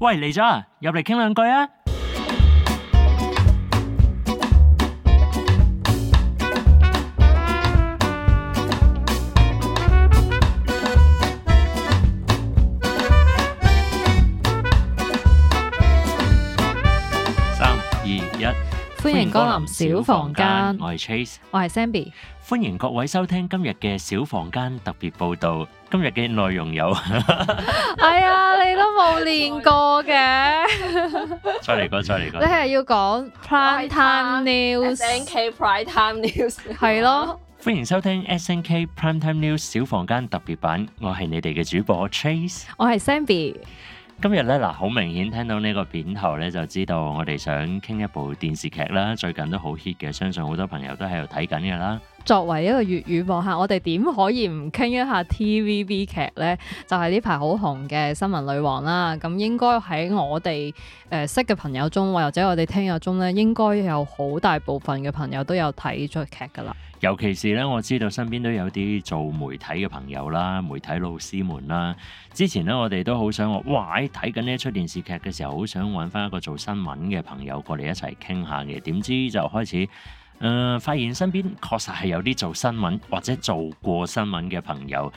喂，嚟咗啊！入嚟傾兩句啊！三二一，歡迎光臨小房間。我係 Trace，我係 Zenbi。歡迎各位收聽今日嘅小房間特別報道。今日嘅內容有，係啊。冇練過嘅，再嚟過，再嚟過。你係要講 Prime 是 Time, Time News？S N K Prime Time News 係 咯。歡迎收聽 S N K Prime Time News 小房間特別版，我係你哋嘅主播 Trace，我係 Samby。今日咧嗱，好明顯聽到呢個片頭咧，就知道我哋想傾一部電視劇啦。最近都好 hit 嘅，相信好多朋友都喺度睇緊噶啦。作為一個粵語播客，我哋點可以唔傾一下 TVB 劇呢？就係呢排好紅嘅《新聞女王》啦。咁應該喺我哋誒、呃、識嘅朋友中，或者我哋聽友中呢，應該有好大部分嘅朋友都有睇出劇噶啦。尤其是呢，我知道身邊都有啲做媒體嘅朋友啦，媒體老師們啦。之前呢，我哋都好想話，哇！睇緊呢出電視劇嘅時候，好想揾翻一個做新聞嘅朋友過嚟一齊傾下嘅。點知就開始。誒、呃，發現身邊確實係有啲做新聞或者做過新聞嘅朋友，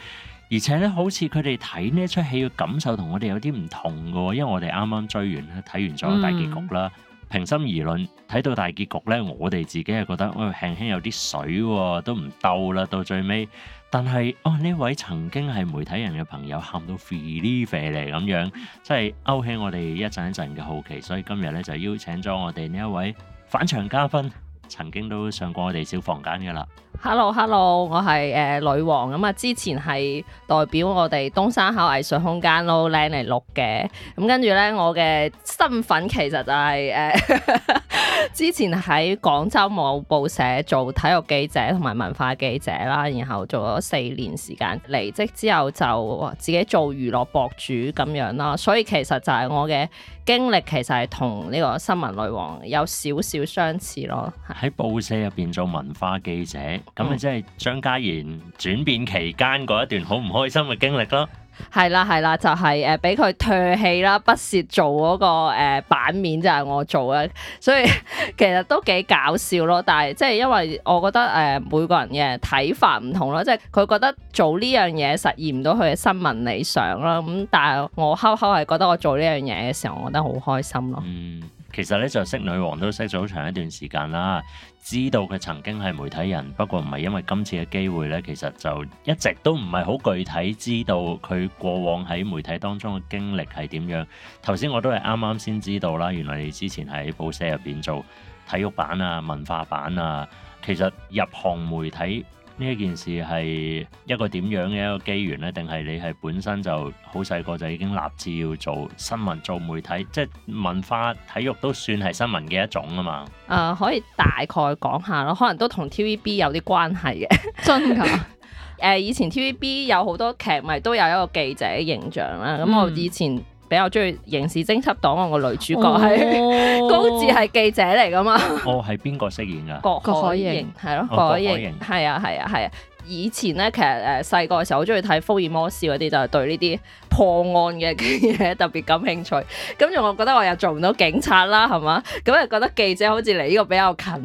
而且咧，好似佢哋睇呢出戲嘅感受我同我哋有啲唔同嘅。因為我哋啱啱追完啦，睇完咗大結局啦。嗯、平心而論，睇到大結局咧，我哋自己係覺得，喂、哎，輕輕有啲水，哦，都唔鬥啦，到最尾。但係，哦，呢位曾經係媒體人嘅朋友，喊到肥 e 肥 l 嚟咁樣，即係勾起我哋一陣一陣嘅好奇。所以今日咧就邀請咗我哋呢一位返場嘉分。曾經都上過我哋小房間嘅啦。Hello，Hello，Hello，我係誒、呃、女王咁啊！之前係代表我哋東山口藝術空間咯，靚嚟錄嘅。咁跟住咧，我嘅身份其實就係、是、誒、呃，之前喺廣州某報社做體育記者同埋文化記者啦，然後做咗四年時間，離職之後就自己做娛樂博主咁樣啦。所以其實就係我嘅經歷，其實係同呢個新聞女王有少少相似咯。喺報社入邊做文化記者。咁咪、嗯、即係張家妍轉變期間嗰一段好唔開心嘅經歷咯，係啦係啦，就係誒俾佢唾棄啦，不屑做嗰、那個誒、呃、版面就係我做咧，所以其實都幾搞笑咯。但係即係因為我覺得誒、呃、每個人嘅睇法唔同咯，即係佢覺得做呢樣嘢實現唔到佢嘅新聞理想啦。咁但係我恰恰係覺得我做呢樣嘢嘅時候，我覺得好開心咯。嗯其實咧就識女王都識咗好長一段時間啦，知道佢曾經係媒體人，不過唔係因為今次嘅機會咧，其實就一直都唔係好具體知道佢過往喺媒體當中嘅經歷係點樣。頭先我都係啱啱先知道啦，原來你之前喺報社入邊做體育版啊、文化版啊，其實入行媒體。呢件事係一個點樣嘅一個機緣咧？定係你係本身就好細個就已經立志要做新聞做媒體，即係文化體育都算係新聞嘅一種啊嘛。誒、呃，可以大概講下咯，可能都同 TVB 有啲關係嘅，真㗎。誒，以前 TVB 有好多劇咪都有一個記者形象啦。咁、嗯、我以前。比較中意刑事偵緝檔案個女主角係、oh, 高智係記者嚟噶嘛？哦，係邊個飾演噶？郭海了、oh, 郭可盈係咯，可盈係啊，係啊，係啊，啊。以前咧，其實誒細個嘅時候好中意睇福爾摩斯嗰啲，就係、是、對呢啲破案嘅嘢特別感興趣。咁仲有我覺得我又做唔到警察啦，係嘛？咁又覺得記者好似嚟呢個比較近、啊、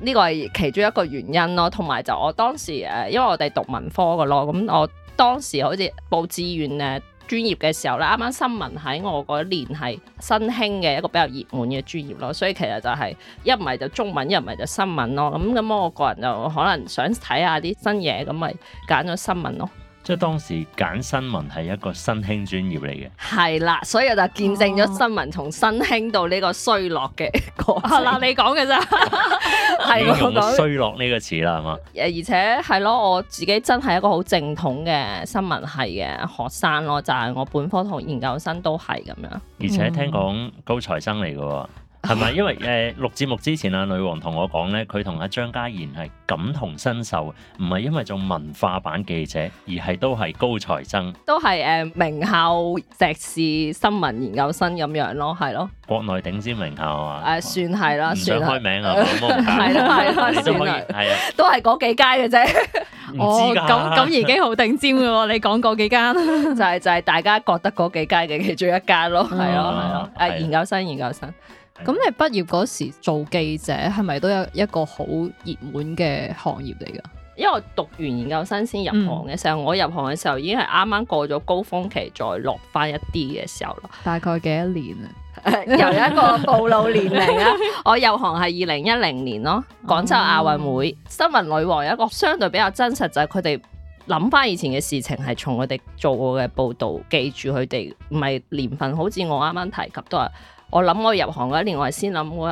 呢、這個係其中一個原因咯。同埋就我當時誒，因為我哋讀文科噶咯，咁我當時好似報志願咧，專業嘅時候啦，啱啱新聞喺我嗰年係新興嘅一個比較熱門嘅專業咯，所以其實就係、是、一唔係就中文，一唔係就新聞咯。咁咁我個人就可能想睇下啲新嘢，咁咪揀咗新聞咯。即係當時揀新聞係一個新興專業嚟嘅，係啦，所以我就見證咗新聞從新興到呢個衰落嘅過程啦。你講嘅咋？係 用衰落呢個詞啦，係嘛 吧？而且係咯，我自己真係一個好正統嘅新聞系嘅學生咯，就係、是、我本科同研究生都係咁樣。而且聽講高材生嚟嘅。係咪？因為誒錄節目之前啊，女王同我講咧，佢同阿張家妍係感同身受，唔係因為做文化版記者，而係都係高材生，都係誒名校碩士、新聞研究生咁樣咯，係咯，國內頂尖名校啊，誒算係啦，唔想開名啊，係咯係咯，算係，啊，都係嗰幾間嘅啫。哦，咁咁已經好頂尖噶喎！你講嗰幾間，就係就係大家覺得嗰幾間嘅其中一間咯，係咯係咯，誒研究生研究生。咁你畢業嗰時做記者係咪都有一一個好熱門嘅行業嚟噶？因為我讀完研究生先入行嘅時候，嗯、我入行嘅時候已經係啱啱過咗高峰期，再落翻一啲嘅時候啦。大概幾多年啊？ 由一個暴露年齡啊， 我入行係二零一零年咯。廣州亞運會、嗯、新聞女王有一個相對比較真實，就係佢哋諗翻以前嘅事情，係從佢哋做過嘅報道記住佢哋，唔係年份。好似我啱啱提及都係。我諗我入行嗰一年，我係先諗我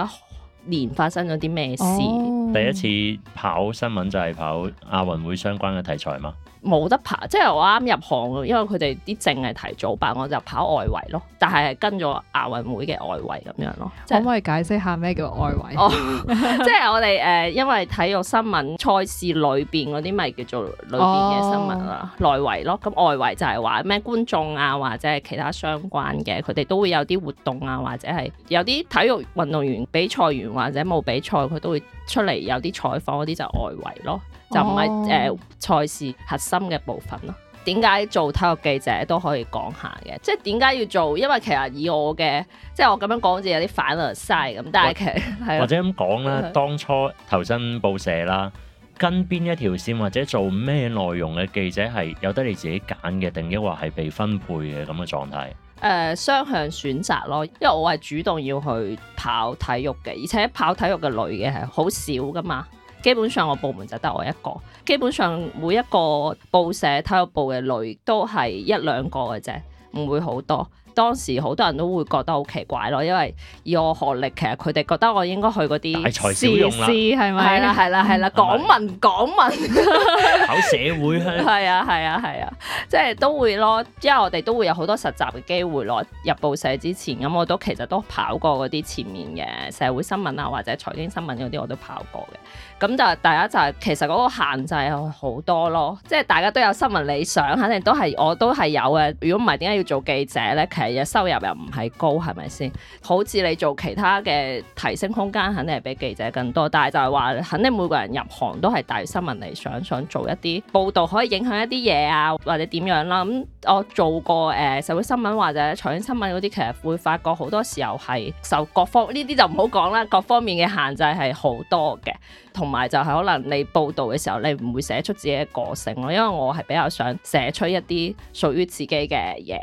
一年發生咗啲咩事。Oh. 第一次跑新聞就係、是、跑亞運會相關嘅題材嗎？冇得跑，即係我啱入行，因為佢哋啲證係提早辦，我就跑外圍咯。但係跟咗亞運會嘅外圍咁樣咯。是可唔可以解釋下咩叫外圍？哦、 即係我哋誒、呃，因為體育新聞賽事裏邊嗰啲咪叫做裏邊嘅新聞啦，內、哦、圍咯。咁外圍就係話咩觀眾啊，或者係其他相關嘅，佢哋都會有啲活動啊，或者係有啲體育運動員比賽完或者冇比賽，佢都會出嚟有啲採訪，嗰啲就外圍咯。就唔係誒，賽事核心嘅部分咯。點解做體育記者都可以講下嘅？即係點解要做？因為其實以我嘅，即係我咁樣講好似有啲反論曬咁。但係其實或者咁講啦，當初投身報社啦，跟邊一條線或者做咩內容嘅記者係有得你自己揀嘅，定抑或係被分配嘅咁嘅狀態？誒，雙向選擇咯，因為我係主動要去跑體育嘅，而且跑體育嘅女嘅係好少噶嘛。基本上我部門就得我一個，基本上每一個報社體育部嘅女都係一兩個嘅啫，唔會好多。當時好多人都會覺得好奇怪咯，因為以我學歷，其實佢哋覺得我應該去嗰啲事事係咪？係啦係啦，廣聞廣聞 考社會係 啊係啊係啊，啊，即係都會咯。因為我哋都會有好多實習嘅機會咯。入報社之前，咁我都其實都跑過嗰啲前面嘅社會新聞啊，或者財經新聞嗰啲，我都跑過嘅。咁就大家就係、是、其實嗰個限制好多咯，即係大家都有新聞理想，肯定都係我都係有嘅。如果唔係點解要做記者呢？其實收入又唔係高，係咪先？好似你做其他嘅提升空間，肯定係比記者更多。但係就係話，肯定每個人入行都係大於新聞理想，想做一啲報導可以影響一啲嘢啊，或者點樣啦。咁、嗯、我做過誒、呃、社會新聞或者財經新聞嗰啲，其實會發覺好多時候係受各方呢啲就唔好講啦，各方面嘅限制係好多嘅。同埋就係可能你報道嘅時候，你唔會寫出自己嘅個性咯，因為我係比較想寫出一啲屬於自己嘅嘢。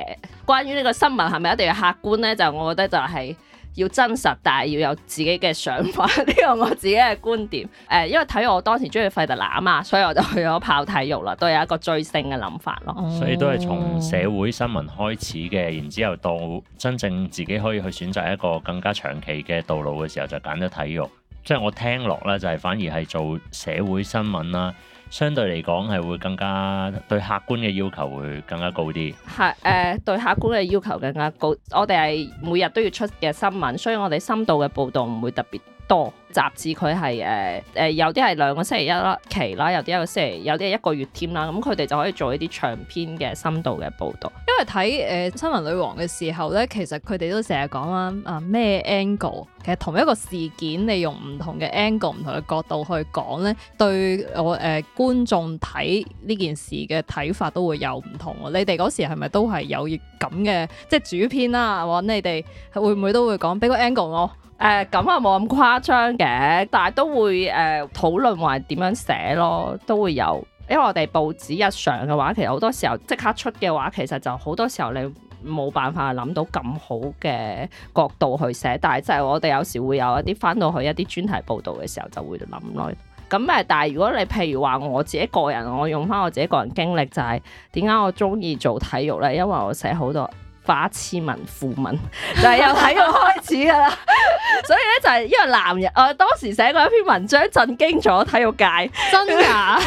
關於呢個新聞係咪一定要客觀呢？就我覺得就係要真實，但係要有自己嘅想法。呢個我自己嘅觀點。誒、呃，因為睇我當時中意費德拿啊嘛，所以我就去咗跑體育啦，都有一個追星嘅諗法咯。所以都係從社會新聞開始嘅，然之後到真正自己可以去選擇一個更加長期嘅道路嘅時候，就揀咗體育。即係我聽落咧，就係、是、反而係做社會新聞啦，相對嚟講係會更加對客觀嘅要求會更加高啲。係誒、呃，對客觀嘅要求更加高。我哋係每日都要出嘅新聞，所以我哋深度嘅報導唔會特別。多雜誌，佢係誒誒有啲係兩個星期一啦，期啦，有啲一個星期，有啲係一個月添啦。咁佢哋就可以做一啲長篇嘅深度嘅報導。因為睇誒、呃、新聞女王嘅時候咧，其實佢哋都成日講啦，啊咩 angle，其實同一個事件你用唔同嘅 angle、唔同嘅角度去講咧，對我誒、呃、觀眾睇呢件事嘅睇法都會有唔同。你哋嗰時係咪都係有咁嘅？即係主編啦、啊，話你哋會唔會都會講俾個 angle 咯？誒咁啊冇咁誇張嘅，但係都會誒、呃、討論話點樣寫咯，都會有。因為我哋報紙日常嘅話，其實好多時候即刻出嘅話，其實就好多時候你冇辦法諗到咁好嘅角度去寫。但係就係我哋有時會有一啲翻到去一啲專題報導嘅時候，就會諗耐。咁誒，但係如果你譬如話我自己個人，我用翻我自己個人經歷就係點解我中意做體育呢？因為我寫好多。法刺文符文，就係、是、由體育開始噶啦， 所以咧就係因為男人，我當時寫過一篇文章，震驚咗體育界，真噶，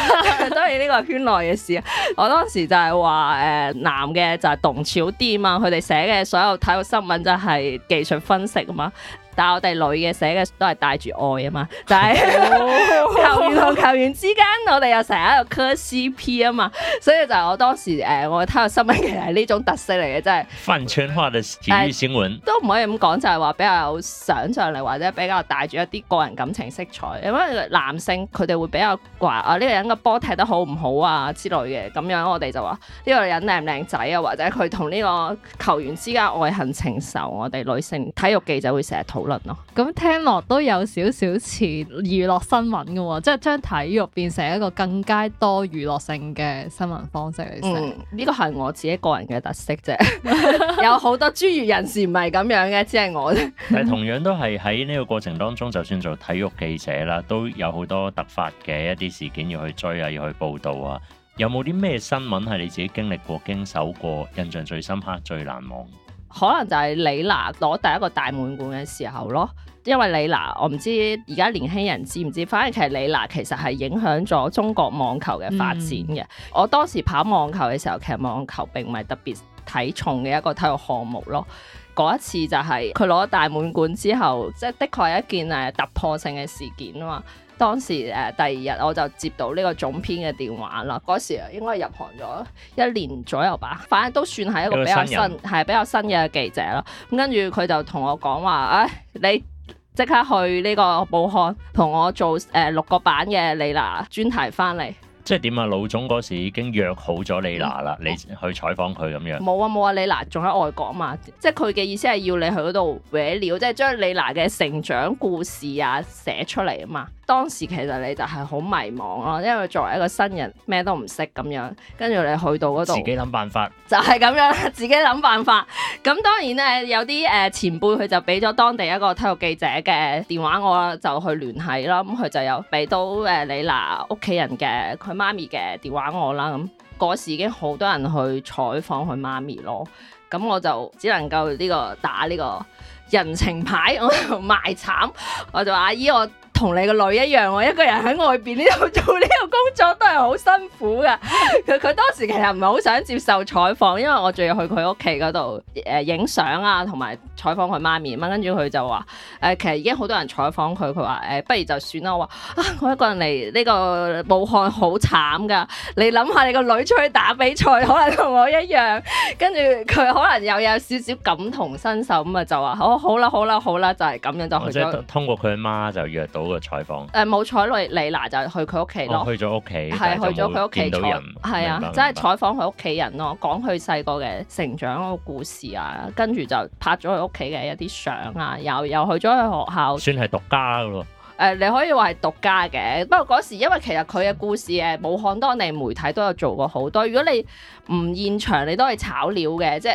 當然呢個係圈內嘅事啊。我當時就係話，誒、呃、男嘅就係動潮啲啊，佢哋寫嘅所有體育新聞就係技術分析啊嘛。但係我哋女嘅寫嘅都係帶住愛啊嘛，就係、是、 球員同球員之間，我哋又成日喺度磕 CP 啊嘛，所以就係我當時誒、呃，我睇個新聞其實係呢種特色嚟嘅，真係飯圈化嘅體育新聞都唔可以咁講，就係、是、話比較有想象力或者比較帶住一啲個人感情色彩，因為男性佢哋會比較話啊呢、這個人嘅波踢得好唔好啊之類嘅咁樣我，我哋就話呢個人靚唔靚仔啊，或者佢同呢個球員之間愛恨情仇，我哋女性體育記者會成日同。討論咯，咁聽落都有少少似娛樂新聞噶，即係將體育變成一個更加多娛樂性嘅新聞方式嚟。嗯，呢個係我自己個人嘅特色啫， 有好多專業人士唔係咁樣嘅，只係我。但 係同樣都係喺呢個過程當中，就算做體育記者啦，都有好多突發嘅一啲事件要去追啊，要去報道啊。有冇啲咩新聞係你自己經歷過、經手過，印象最深刻、最難忘？可能就係李娜攞第一個大滿貫嘅時候咯，因為李娜，我唔知而家年輕人知唔知，反而其實李娜其實係影響咗中國網球嘅發展嘅。嗯、我當時跑網球嘅時候，其實網球並唔係特別睇重嘅一個體育項目咯。嗰一次就係佢攞咗大滿貫之後，即係的確係一件誒突破性嘅事件啊嘛。當時誒、呃、第二日我就接到呢個總編嘅電話啦，嗰時應該入行咗一年左右吧，反正都算係一個比較新，係比較新嘅記者啦。咁跟住佢就同我講話，誒、哎、你即刻去呢個武漢同我做誒、呃、六個版嘅李娜專題翻嚟。即係點啊？老總嗰時已經約好咗李娜啦，嗯、你去採訪佢咁樣。冇啊冇啊！李娜仲喺外國啊嘛，即係佢嘅意思係要你去嗰度搲料，即係將李娜嘅成長故事啊寫出嚟啊嘛。當時其實你就係好迷茫咯，因為作為一個新人，咩都唔識咁樣，跟住你去到嗰度，自己諗辦法，就係咁樣，自己諗辦法。咁 當然咧，有啲誒前輩佢就俾咗當地一個體育記者嘅電話，我就去聯繫咯。咁佢就有俾到誒李娜屋企人嘅佢媽咪嘅電話我啦。咁嗰時已經好多人去採訪佢媽咪咯。咁我就只能夠呢、呢個打呢個人情牌，我就賣慘，我就話阿姨我。同你個女一樣，我一個人喺外邊呢度做呢個工作都係好辛苦噶。佢 佢當時其實唔係好想接受採訪，因為我仲要去佢屋企嗰度誒影相啊，同埋採訪佢媽咪。咁跟住佢就話誒、呃，其實已經好多人採訪佢，佢話誒，不如就算啦。我話啊，我一個人嚟呢個武漢好慘噶，你諗下你個女出去打比賽，可能同我一樣。跟住佢可能又有少少感同身受，咁啊就話好好啦，好啦，好啦，好啦，就係、是、咁樣、哦、就去咗。通過佢媽就約到。採訪誒，冇彩女，李娜、呃、就去佢屋企咯，去咗屋企係去咗佢屋企，見到人係採白啊，白即係採訪佢屋企人咯，講佢細個嘅成長個故事啊，跟住就拍咗佢屋企嘅一啲相啊，又又去咗佢學校，算係獨家噶咯。誒、呃、你可以話係獨家嘅，不過嗰時因為其實佢嘅故事誒，武漢當地媒體都有做過好多。如果你唔現場，你都係炒料嘅，即係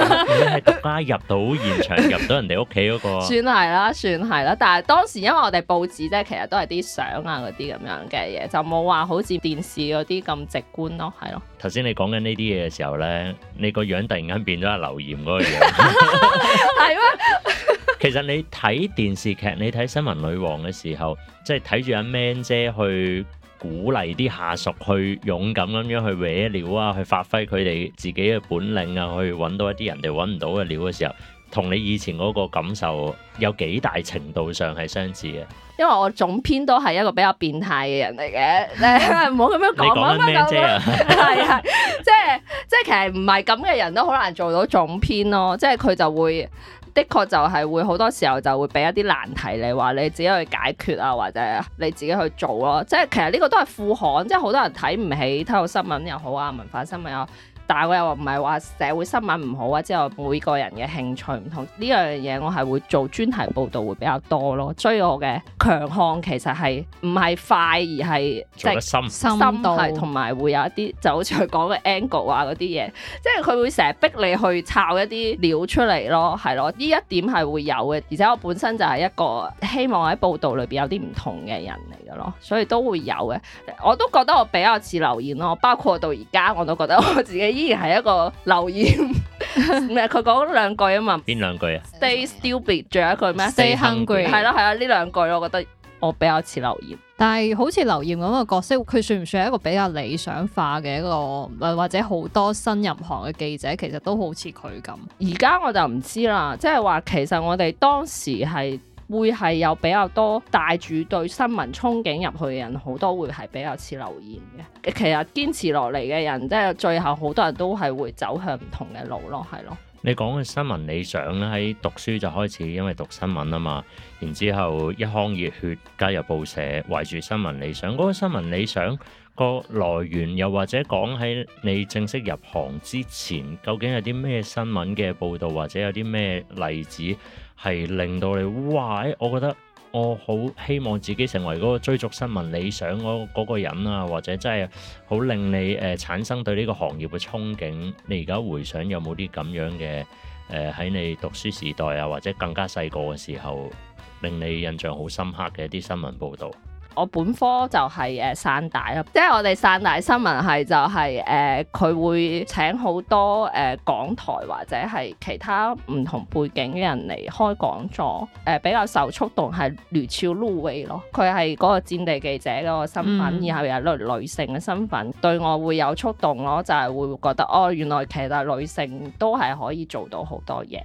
、啊、獨家入到現場， 入到人哋屋企嗰個算係啦，算係啦。但係當時因為我哋報紙即係其實都係啲相啊嗰啲咁樣嘅嘢，就冇話好似電視嗰啲咁直觀咯，係咯。頭先你講緊呢啲嘢嘅時候咧，你個樣突然間變咗係劉艷嗰個樣，係咩？ 其實你睇電視劇，你睇《新聞女王》嘅時候，即係睇住阿 Man 姐去鼓勵啲下屬去勇敢咁樣去搵料啊，去發揮佢哋自己嘅本領啊，去搵到一啲人哋搵唔到嘅料嘅時候，同你以前嗰個感受有幾大程度上係相似嘅？因為我總編都係一個比較變態嘅人嚟嘅，誒， 唔好咁樣講啊！Man 姐啊， 即係即係，即其實唔係咁嘅人都好難做到總編咯，即係佢就會。的確就係會好多時候就會俾一啲難題你話你自己去解決啊，或者你自己去做咯，啊。即係其實呢個都係副刊，即係好多人睇唔起體育新聞又好啊，文化新聞又好。但係我又唔係話社會新聞唔好啊，之後每個人嘅興趣唔同呢樣嘢，我係會做專題報道會比較多咯。所以我嘅強項其實係唔係快，而係即係深深度，同埋會有一啲就好似佢講嘅 angle 啊嗰啲嘢，即係佢會成日逼你去抄一啲料出嚟咯，係咯。呢一點係會有嘅，而且我本身就係一個希望喺報道裏邊有啲唔同嘅人嚟嘅咯，所以都會有嘅。我都覺得我比較似劉艷咯，包括到而家我都覺得我自己，依然係一個劉艷，唔係佢講兩句啊嘛？邊兩句啊？Stay stupid，仲 有一句咩？Stay hungry。係咯係啊，呢兩、啊、句我覺得我比較似劉艷。但係好似劉艷咁嘅角色，佢算唔算係一個比較理想化嘅一個？或者好多新入行嘅記者其實都好似佢咁。而家我就唔知啦，即係話其實我哋當時係。會係有比較多帶住對新聞憧憬入去嘅人，好多會係比較似劉艷嘅。其實堅持落嚟嘅人，即係最後好多人都係會走向唔同嘅路咯，係咯。你講嘅新聞理想喺讀書就開始，因為讀新聞啊嘛。然之後一腔熱血加入報社，懷住新聞理想。嗰個新聞理想個來源，又或者講喺你正式入行之前，究竟有啲咩新聞嘅報導，或者有啲咩例子？係令到你哇！我覺得我好希望自己成為嗰個追逐新聞理想嗰個人啊，或者真係好令你誒、呃、產生對呢個行業嘅憧憬。你而家回想有冇啲咁樣嘅，誒，喺你讀書時代啊，或者更加細個嘅時候，令你印象好深刻嘅一啲新聞報導？我本科就係誒汕大啦，即係我哋汕大新聞，就是，係就係誒佢會請好多誒、呃、港台或者係其他唔同背景嘅人嚟開講座，誒、呃、比較受觸動，係閭丘露薇咯，佢係嗰個戰地記者嗰個身份，然、嗯、後又女女性嘅身份，對我會有觸動咯，就係、是、會覺得哦，原來其實女性都係可以做到好多嘢，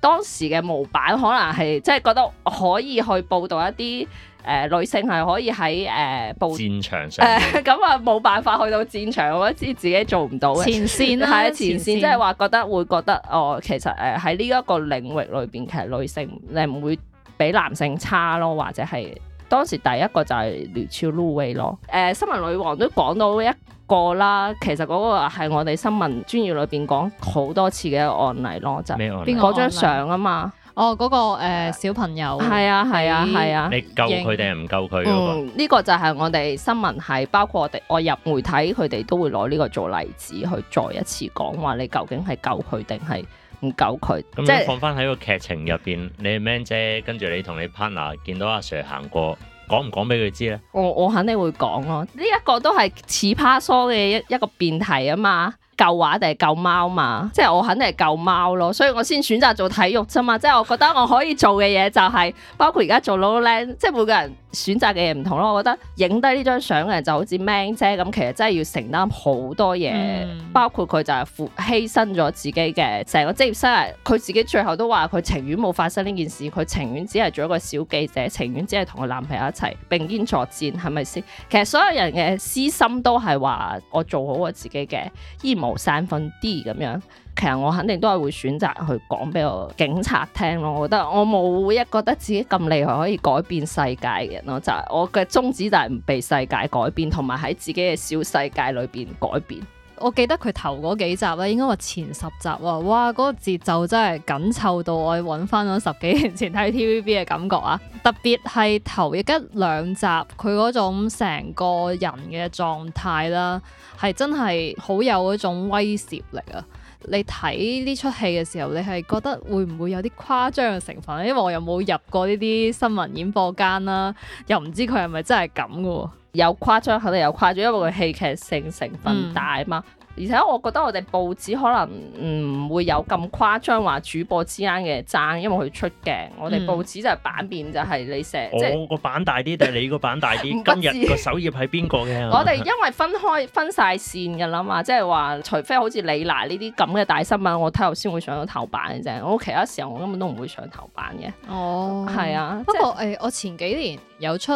當時嘅模板可能係即係覺得可以去報道一啲。誒、呃、女性係可以喺誒、呃、戰場上，誒咁啊冇辦法去到戰場，我知自己做唔到嘅前線啦、啊， 前線即係話覺得會覺得哦，其實誒喺呢一個領域裏邊其實女性你唔會比男性差咯，或者係當時第一個就係閭丘露薇咯。誒、呃呃呃、新聞女王都講到一個啦，其實嗰個係我哋新聞專業裏邊講好多次嘅案例咯，就嗰張相啊嘛。哦，嗰、那個、呃、小朋友，係啊係啊係啊，啊啊啊你救佢定係唔救佢嗰個？呢個就係我哋新聞系，包括我哋我入媒體，佢哋都會攞呢個做例子，去再一次講話你究竟係救佢定係唔救佢。咁即係放翻喺個劇情入邊，你係 man 姐跟住你同你 partner 見到阿 sir 行過，講唔講俾佢知咧？我我肯定會講咯，呢、這個、一個都係似 p a s s 嘅一一個變體啊嘛。救畫定係救貓嘛？即係我肯定係救貓咯，所以我先選擇做體育啫嘛。即係我覺得我可以做嘅嘢就係、是、包括而家做 LOWLOWLAND 即係每個人。選擇嘅嘢唔同咯，我覺得影低呢張相嘅人就好似 Man 姐咁，其實真係要承擔好多嘢，嗯、包括佢就係付犧牲咗自己嘅成個職業生涯。佢自己最後都話佢情願冇發生呢件事，佢情願只係做一個小記者，情願只係同個男朋友一齊並肩作戰，係咪先？其實所有人嘅私心都係話我做好我自己嘅，衣無三分啲咁樣。其實我肯定都係會選擇去講俾個警察聽咯。我覺得我冇一覺得自己咁厲害可以改變世界嘅人咯。就係我嘅宗旨就係唔被世界改變，同埋喺自己嘅小世界裏邊改變。我記得佢頭嗰幾集咧，應該話前十集啊，哇！嗰個節奏真係緊湊到我揾翻咗十幾年前睇 TVB 嘅感覺啊。特別係頭一兩集，佢嗰種成個人嘅狀態啦，係真係好有嗰種威脅力啊！你睇呢出戲嘅時候，你係覺得會唔會有啲誇張嘅成分咧？因為我又冇入過呢啲新聞演播間啦，又唔知佢係咪真係咁嘅喎？有誇張肯定有誇張，因為佢戲劇性成分大啊嘛。嗯而且我覺得我哋報紙可能唔會有咁誇張話主播之間嘅爭，因為佢出鏡，我哋報紙就係版面、嗯、就係、是哦、你成。我個版大啲定你個版大啲？今日個首頁係邊個嘅？我哋因為分開分晒線嘅啦嘛，即係話除非好似李娜呢啲咁嘅大新聞，我睇頭先會上到頭版嘅啫。我其他時候我根本都唔會上頭版嘅。哦，係啊。不過誒，我前幾年。有出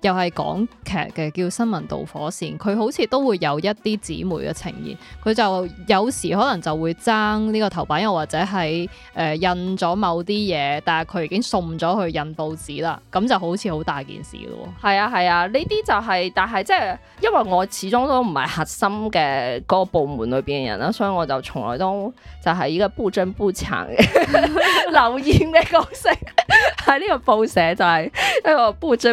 又係港劇嘅叫《新聞導火線》，佢好似都會有一啲姊妹嘅呈現，佢就有時可能就會爭呢個頭版，又或者係誒、呃、印咗某啲嘢，但係佢已經送咗去印報紙啦，咁就好似好大件事咯。係啊，係啊，呢啲、啊、就係、是，但係即係因為我始終都唔係核心嘅嗰個部門裏邊嘅人啦，所以我就從來都就係呢個不爭不搶嘅 劉艷嘅的角色係 呢個報社就係一個不爭。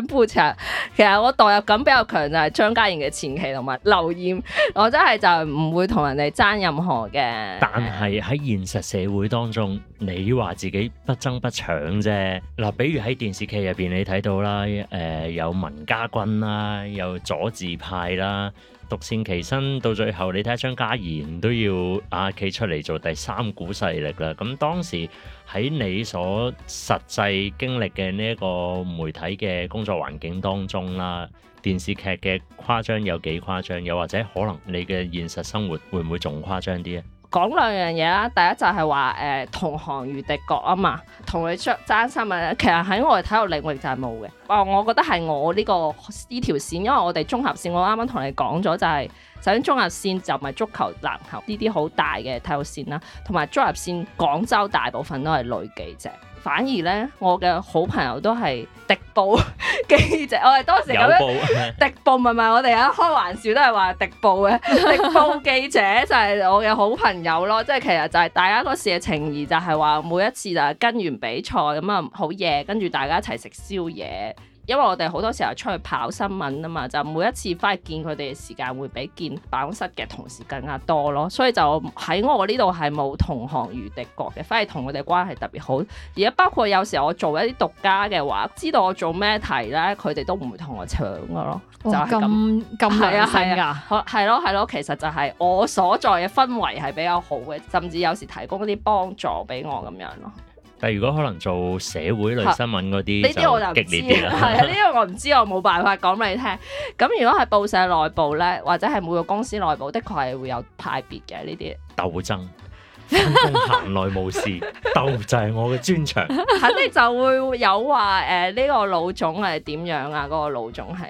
其實我代入感比較強就係張家妍嘅前期同埋劉艷，我真係就唔會同人哋爭任何嘅。但係喺現實社會當中，你話自己不爭不搶啫。嗱、啊，比如喺電視劇入邊你睇到啦，誒、呃、有文家軍啦，有佐治派啦。獨善其身到最後你，你睇張家妍都要阿企出嚟做第三股勢力啦。咁當時喺你所實際經歷嘅呢一個媒體嘅工作環境當中啦，電視劇嘅誇張有幾誇張？又或者可能你嘅現實生活會唔會仲誇張啲啊？講兩樣嘢啦，第一就係話誒同行如敵國啊嘛，同你出爭新聞，其實喺我哋體育領域就係冇嘅。哦，我覺得係我呢、這個呢條、這個、線，因為我哋綜合線，我啱啱同你講咗就係、是，首先綜合線就唔係足球、籃球呢啲好大嘅體育線啦，同埋綜合線廣州大部分都係女記者。反而呢，我嘅好朋友都係敵報記者，我哋當時咁樣敵報咪咪， 唔係唔係我哋一開玩笑都係話敵報嘅 敵報記者就係我嘅好朋友咯，即係其實就係大家嗰時嘅情誼就係話每一次就係跟完比賽咁啊好夜，跟住大家一齊食宵夜。因為我哋好多時候出去跑新聞啊嘛，就每一次返去見佢哋嘅時間會比見辦公室嘅同事更加多咯，所以就喺我呢度係冇同行如敵國嘅，反而同佢哋關係特別好。而家包括有時我做一啲獨家嘅話，知道我做咩題咧，佢哋都唔會同我搶㗎咯，哇就係咁。係啊，係啊，係咯、啊，係咯、啊啊啊啊啊啊，其實就係我所在嘅氛圍係比較好嘅，甚至有時提供一啲幫助俾我咁樣咯。但係如果可能做社會類新聞嗰啲，呢啲我就激烈啲啦。係啊，呢個我唔知，我冇辦法講俾你聽。咁如果係報社內部咧，或者係每個公司內部，的確係會有派別嘅呢啲鬥爭。行內無事， 鬥就係我嘅專長。肯定就會有話誒，呢、呃呢個老總係點樣啊？嗰、嗰個老總係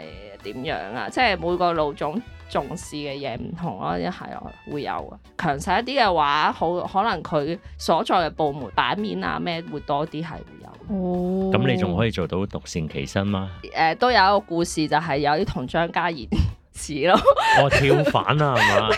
點樣啊？即係每個老總，重視嘅嘢唔同咯，一係我會有強勢一啲嘅話，好可能佢所在嘅部門版面啊咩會多啲，係會有。哦，咁你仲可以做到獨善其身嗎？誒，都有一個故事就係、是、有啲同張家妍。咯，我、 哦、跳反啊，係嘛？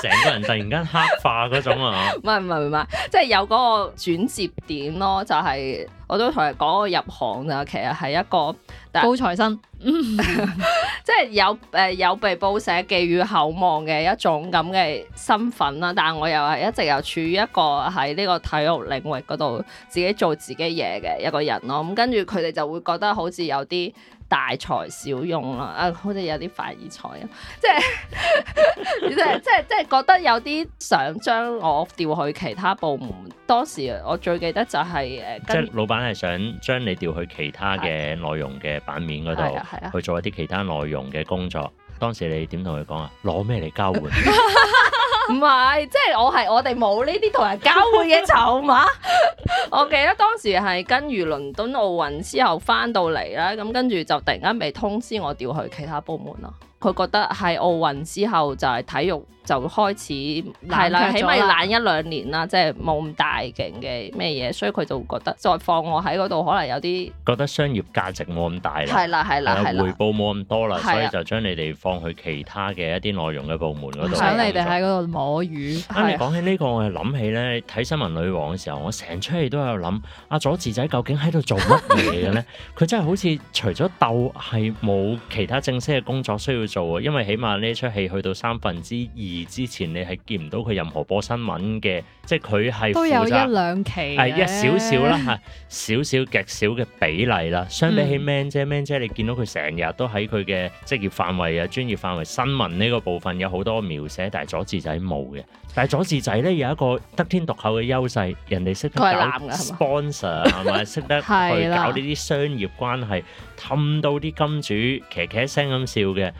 成成 個人突然間黑化嗰種啊？唔係唔係唔係，即係有嗰個轉折點咯，就係、是、我都同你講我入行啊，其實係一個高材生， 即係有誒有被報社寄予厚望嘅一種咁嘅身份啦。但係我又係一直又處於一個喺呢個體育領域嗰度自己做自己嘢嘅一個人咯。咁跟住佢哋就會覺得好似有啲。大材小用啦，啊，好似有啲快意菜啊，即係 即係即係覺得有啲想將我調去其他部門。當時我最記得就係、是、誒，即係老闆係想將你調去其他嘅內容嘅版面嗰度，去做一啲其他內容嘅工作。當時你點同佢講啊？攞咩嚟交換？ 唔係，即係我係我哋冇呢啲同人交換嘅籌碼。 我記得當時係跟完倫敦奧運之後翻到嚟啦，咁跟住就突然間被通知我調去其他部門啦。佢覺得係奧運之後就係體育。就開始懶啦，起碼懶一兩年啦，即係冇咁大勁嘅咩嘢，所以佢就會覺得再放我喺嗰度可能有啲覺得商業價值冇咁大啦，係啦係啦係啦，回報冇咁多啦，所以就將你哋放去其他嘅一啲內容嘅部門嗰度，想、啊、你哋喺嗰度摸魚。啱你講起呢、呢個，我係諗起咧睇新聞女王嘅時候，我成出戲都有諗，阿、啊、佐治仔究竟喺度做乜嘢嘅咧？佢 真係好似除咗鬥係冇其他正式嘅工作需要做啊，因為起碼呢出戲去到三分之二。而之前你係見唔到佢任何播新聞嘅，即係佢係都有一兩期，係、呃、一少少啦嚇，少少 極少嘅比例啦。相比起 Man 姐、嗯、Man 姐你見到佢成日都喺佢嘅職業範圍啊、專業範圍新聞呢個部分有好多描寫，但係佐治仔冇嘅。但係佐治仔咧有一個得天獨厚嘅優勢，人哋識得搞 sponsor 係嘛，識 得去搞呢啲商業關係，氹 的到啲金主騎騎聲咁笑嘅。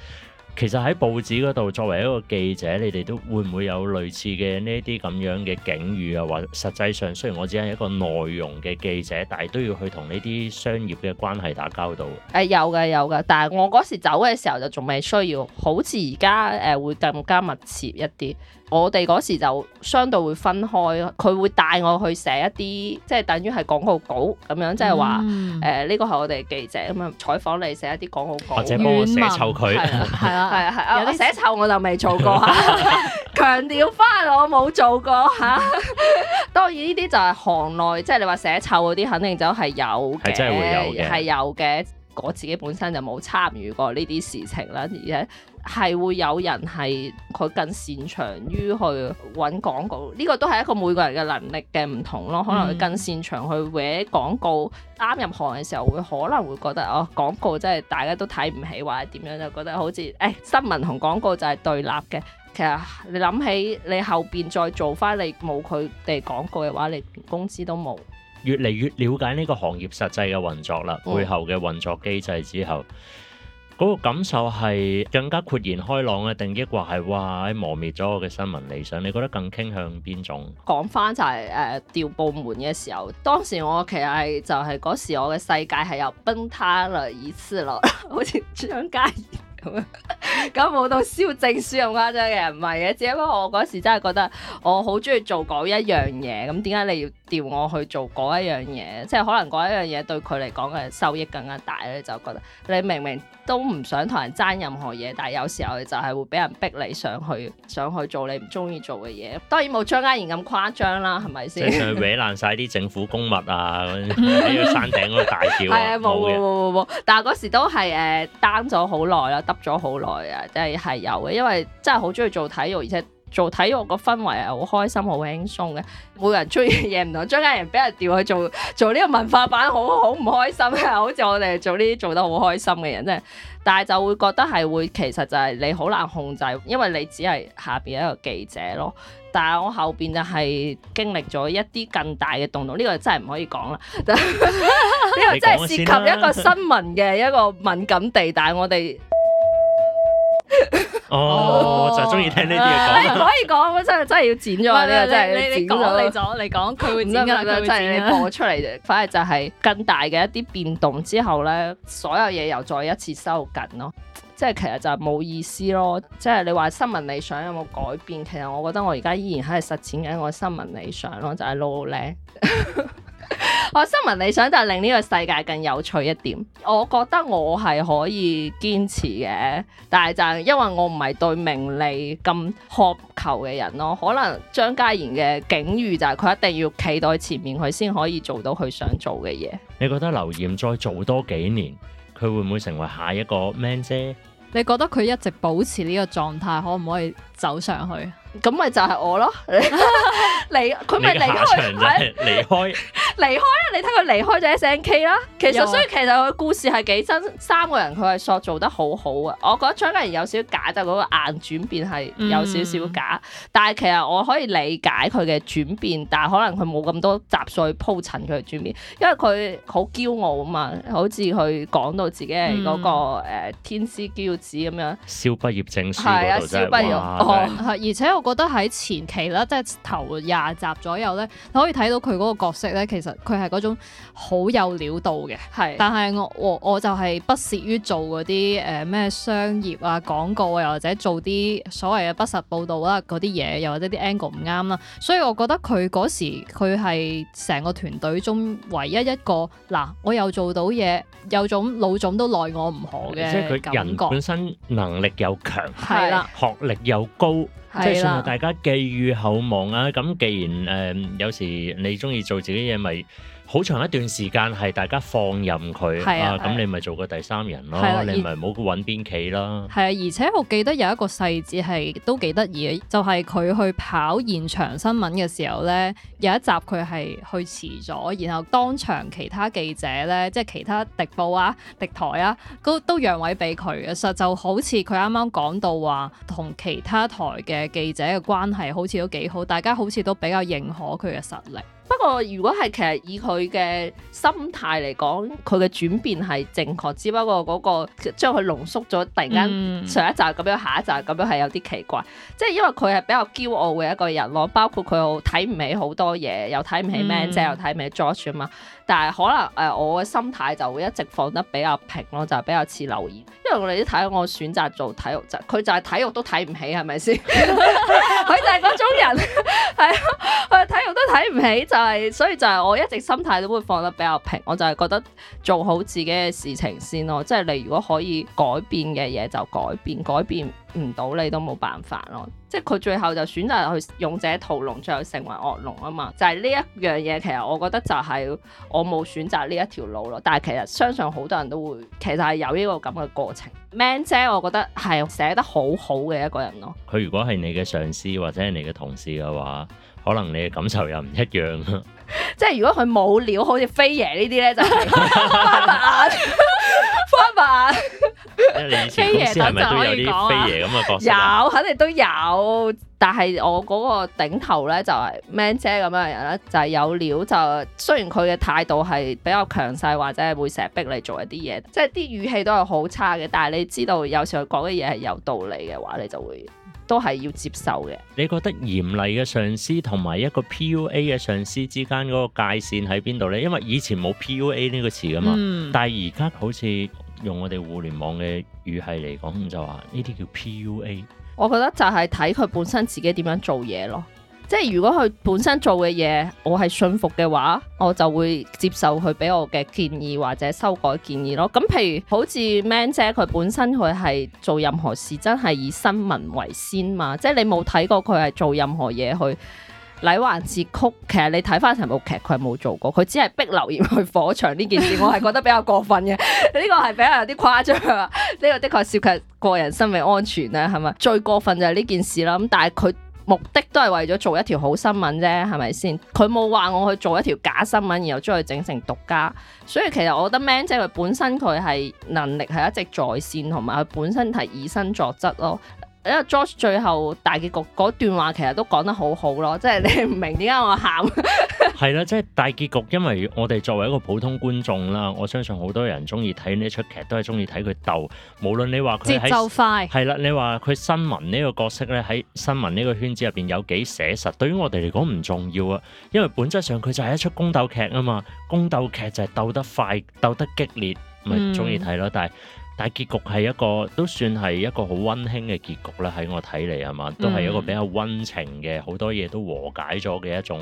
其實喺報紙嗰度作為一個記者，你哋都會唔會有類似嘅呢啲咁樣嘅境遇啊？或實際上雖然我只係一個內容嘅記者，但係都要去同呢啲商業嘅關係打交道。誒、哎、有嘅有嘅，但係我嗰時走嘅時候就仲未需要，好似而家誒會更加密切一啲。我哋嗰時就相對會分開咯，佢會帶我去寫一啲即係等於係廣告稿咁樣，即係話誒呢個係我哋記者咁樣、嗯、採訪你寫一啲廣告稿，或者寫臭，佢係啊係啊係啊！我寫臭我就未做過，強調返我冇做過嚇、啊。當然呢啲就係行內，即係你話寫臭嗰啲，肯定就係有嘅，係真係會有嘅，係有嘅。我自己本身就冇參與過呢啲事情啦，而且。係會有人係佢更擅長於去揾廣告，呢個都係一個每個人嘅能力嘅唔同咯。可能佢更擅長去搵廣告，啱入行嘅時候會可能會覺得哦，廣告真係大家都睇唔起，或者點樣就覺得好似誒，新聞同廣告就係對立嘅。其實你諗起你後邊再做翻你冇佢哋廣告嘅話，你工資都冇。越嚟越了解呢個行業實際嘅運作啦，背後嘅運作機制之後。嗰個感受係更加豁然開朗咧，定抑或係話磨滅咗我嘅新聞理想？你覺得更傾向邊種？講返就係誒調部門嘅時候，當時我其實係就係、是、嗰、就是、時我嘅世界係又崩塌了一次咯， 好似張家妍咁，咁 冇到燒證書咁誇張嘅，唔係嘅，只不過我嗰時真係覺得我好中意做嗰一樣嘢，咁點解你要調我去做嗰一樣嘢？即、就、係、是、可能嗰一樣嘢對佢嚟講嘅收益更加大咧，就覺得你明明，都唔想同人爭任何嘢，但係有時候就係會俾人逼你上去，上去做你唔中意做嘅嘢。當然冇張家妍咁誇張啦，係咪先？上去搲爛曬啲政府公物啊！喺個 山頂嗰個大叫。係啊，冇冇冇冇冇。但係嗰時都係誒擔咗好耐啦，耷咗好耐啊，係係有嘅，因為真係好中意做體育，而且。做體育個氛圍係好開心、好輕鬆嘅，每個人鍾意嘅嘢唔同。張家妍俾人調去做做呢個文化版，好好唔開心呀，好似我哋做呢啲做得好開心嘅人真係。但係就會覺得係會其實就係你好難控制，因為你只係下邊一個記者咯。但係我後邊就係經歷咗一啲更大嘅動盪，呢、呢個真係唔可以講啦。呢 說 個真係涉及一個新聞嘅一個敏感地帶，我哋。 哦，就中意聽呢啲嘢講，可以講，我真係真係要剪咗。呢，你你講，你咗。你講，佢會剪嘅，佢行會剪。行會剪播出嚟，反而就係更大嘅一啲變動之後咧，所有嘢又再一次收緊咯。即係其實就係冇意思咯。即係你話新聞理想有冇改變？其實我覺得我而家依然喺度實踐緊我嘅新聞理想咯，就係 low 咧。 我新聞理想就令呢個世界更有趣一點。我覺得我係可以堅持嘅，但係就係因為我唔係對名利咁渴求嘅人咯。可能張家妍嘅境遇就係佢一定要企到前面，佢先可以做到佢想做嘅嘢。你覺得劉艷再做多幾年，佢會唔會成為下一個 man 姐？ 你覺得佢一直保持呢個狀態，可唔可以走上去？咁咪就係我咯，你佢咪離開，離開。 離開啦！你睇佢離開咗 S N K 啦。其實，了所以其實佢故事係幾真，三個人佢係塑造得好好啊。我覺得張家妍有少少假，就嗰個硬轉變係有少少假。嗯、但係其實我可以理解佢嘅轉變，但係可能佢冇咁多集數去鋪陳佢嘅轉變，因為佢好驕傲啊嘛。好似佢講到自己係嗰、那個、呃、天之驕子咁樣，燒畢、嗯啊、業證書嗰度真係哇！哦、是而且我覺得喺前期啦，即係頭廿集左右咧，你可以睇到佢嗰個角色咧，其其實佢係嗰種好有料度嘅，係。但係我我，我就係不屑於做嗰啲誒咩商業啊廣告啊又或者做啲所謂嘅不實報道啦嗰啲嘢，又或者啲 angle 唔啱啦。所以我覺得佢嗰時，佢係成個團隊中唯一一個嗱，我又做到嘢，有種老總都奈我唔何嘅，即係佢人本身能力又強，係啦，學歷又高。即係算係大家寄予厚望啊！咁既然誒、呃，有時你鍾意做自己嘢咪？好長一段時間係大家放任佢啊，咁、啊啊、你咪做個第三人咯，啊、你咪唔好揾邊企啦。係啊，而且我記得有一個細節係都幾得意嘅，就係、是、佢去跑現場新聞嘅時候咧，有一集佢係去遲咗，然後當場其他記者咧，即係其他敵報啊、敵台啊，都都讓位俾佢。其實就好似佢啱啱講到話，同其他台嘅記者嘅關係好似都幾好，大家好似都比較認可佢嘅實力。不過，如果係其實以佢嘅心態嚟講，佢嘅轉變係正確，只不過嗰個將佢濃縮咗，突然間上一集咁樣，下一集咁樣係有啲奇怪。即係因為佢係比較驕傲嘅一個人咯，包括佢好睇唔起好多嘢，又睇唔起 Man 姐，嗯、又睇唔起 George 嘛。但係可能誒、呃，我嘅心態就會一直放得比較平咯，就係、比較似劉艷。因為我哋都睇我選擇做體育，就佢就係體育都睇唔起，係咪先？佢 就係嗰種人，係啊，體育都睇唔起，就係、係、所以就係我一直心態都會放得比較平。我就係覺得做好自己嘅事情先咯，即係你如果可以改變嘅嘢就改變，改變唔到你都冇辦法咯，即係佢最後就選擇去勇者屠龍，最後成為惡龍啊嘛，就係呢一樣嘢，其實我覺得就係我冇選擇呢一條路咯。但係其實相信好多人都會，其實係有呢個咁嘅過程。Man 姐，我覺得係寫得好好嘅一個人咯。佢如果係你嘅上司或者係你嘅同事嘅話，可能你嘅感受又唔一樣咯。即係如果佢冇料，好似飛爺呢啲咧，就花、是、花」 眼，飛爺係咪都有啲飛爺咁嘅角色？ 有肯定都有，但係我嗰個頂頭咧就係 man 姐咁樣嘅人咧，就係有料就。就雖然佢嘅態度係比較強勢，或者係會成日逼你做一啲嘢，即係啲語氣都係好差嘅。但係你知道有時候佢講嘅嘢係有道理嘅話，你就會。都係要接受嘅。你覺得嚴厲嘅上司同埋一個 PUA 嘅上司之間嗰個界線喺邊度呢？因為以前冇 PUA 呢個詞噶嘛，嗯、但係而家好似用我哋互聯網嘅語係嚟講，就話呢啲叫 PUA。我覺得就係睇佢本身自己點樣做嘢咯。即係如果佢本身做嘅嘢，我係信服嘅話，我就會接受佢俾我嘅建議或者修改建議咯。咁、嗯、譬如好似 Man 姐，佢本身佢係做任何事真係以新聞為先嘛。即係你冇睇過佢係做任何嘢去禮還節曲劇，其實你睇翻成部劇佢係冇做過，佢只係逼留言去火場呢件事，我係覺得比較過分嘅。呢 個係比較有啲誇張啊。呢 個的確涉及個人生命安全啊，係咪？最過分就係呢件事啦。咁但係佢。目的都係為咗做一條好新聞啫，係咪先？佢冇話我去做一條假新聞，然後將佢整成獨家。所以其實我覺得 Man 姐佢本身，佢係能力係一直在線，同埋佢本身係以身作則咯。因為 Josh 最後大結局嗰段話其實都講得好好咯，即係你唔明點解我喊 。係啦，即係大結局，因為我哋作為一個普通觀眾啦，我相信好多人中意睇呢出劇都係中意睇佢鬥，無論你話佢節奏快係啦，你話佢新聞呢個角色咧喺新聞呢個圈子入邊有幾寫實，對於我哋嚟講唔重要啊，因為本質上佢就係一出宮鬥劇啊嘛，宮鬥劇就係鬥得快、鬥得激烈，咪中意睇咯，但係、嗯。但結局係一個都算係一個好温馨嘅結局啦，喺我睇嚟啊嘛，都係一個比較温情嘅，好多嘢都和解咗嘅一種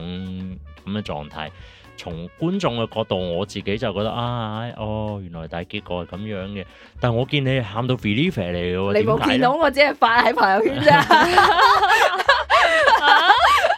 咁嘅狀態。從觀眾嘅角度，我自己就覺得啊、哎哎，哦，原來大結局係咁樣嘅。但係我見你喊到肥膩肥膩嚟，你冇見到我只係發喺朋友圈啫。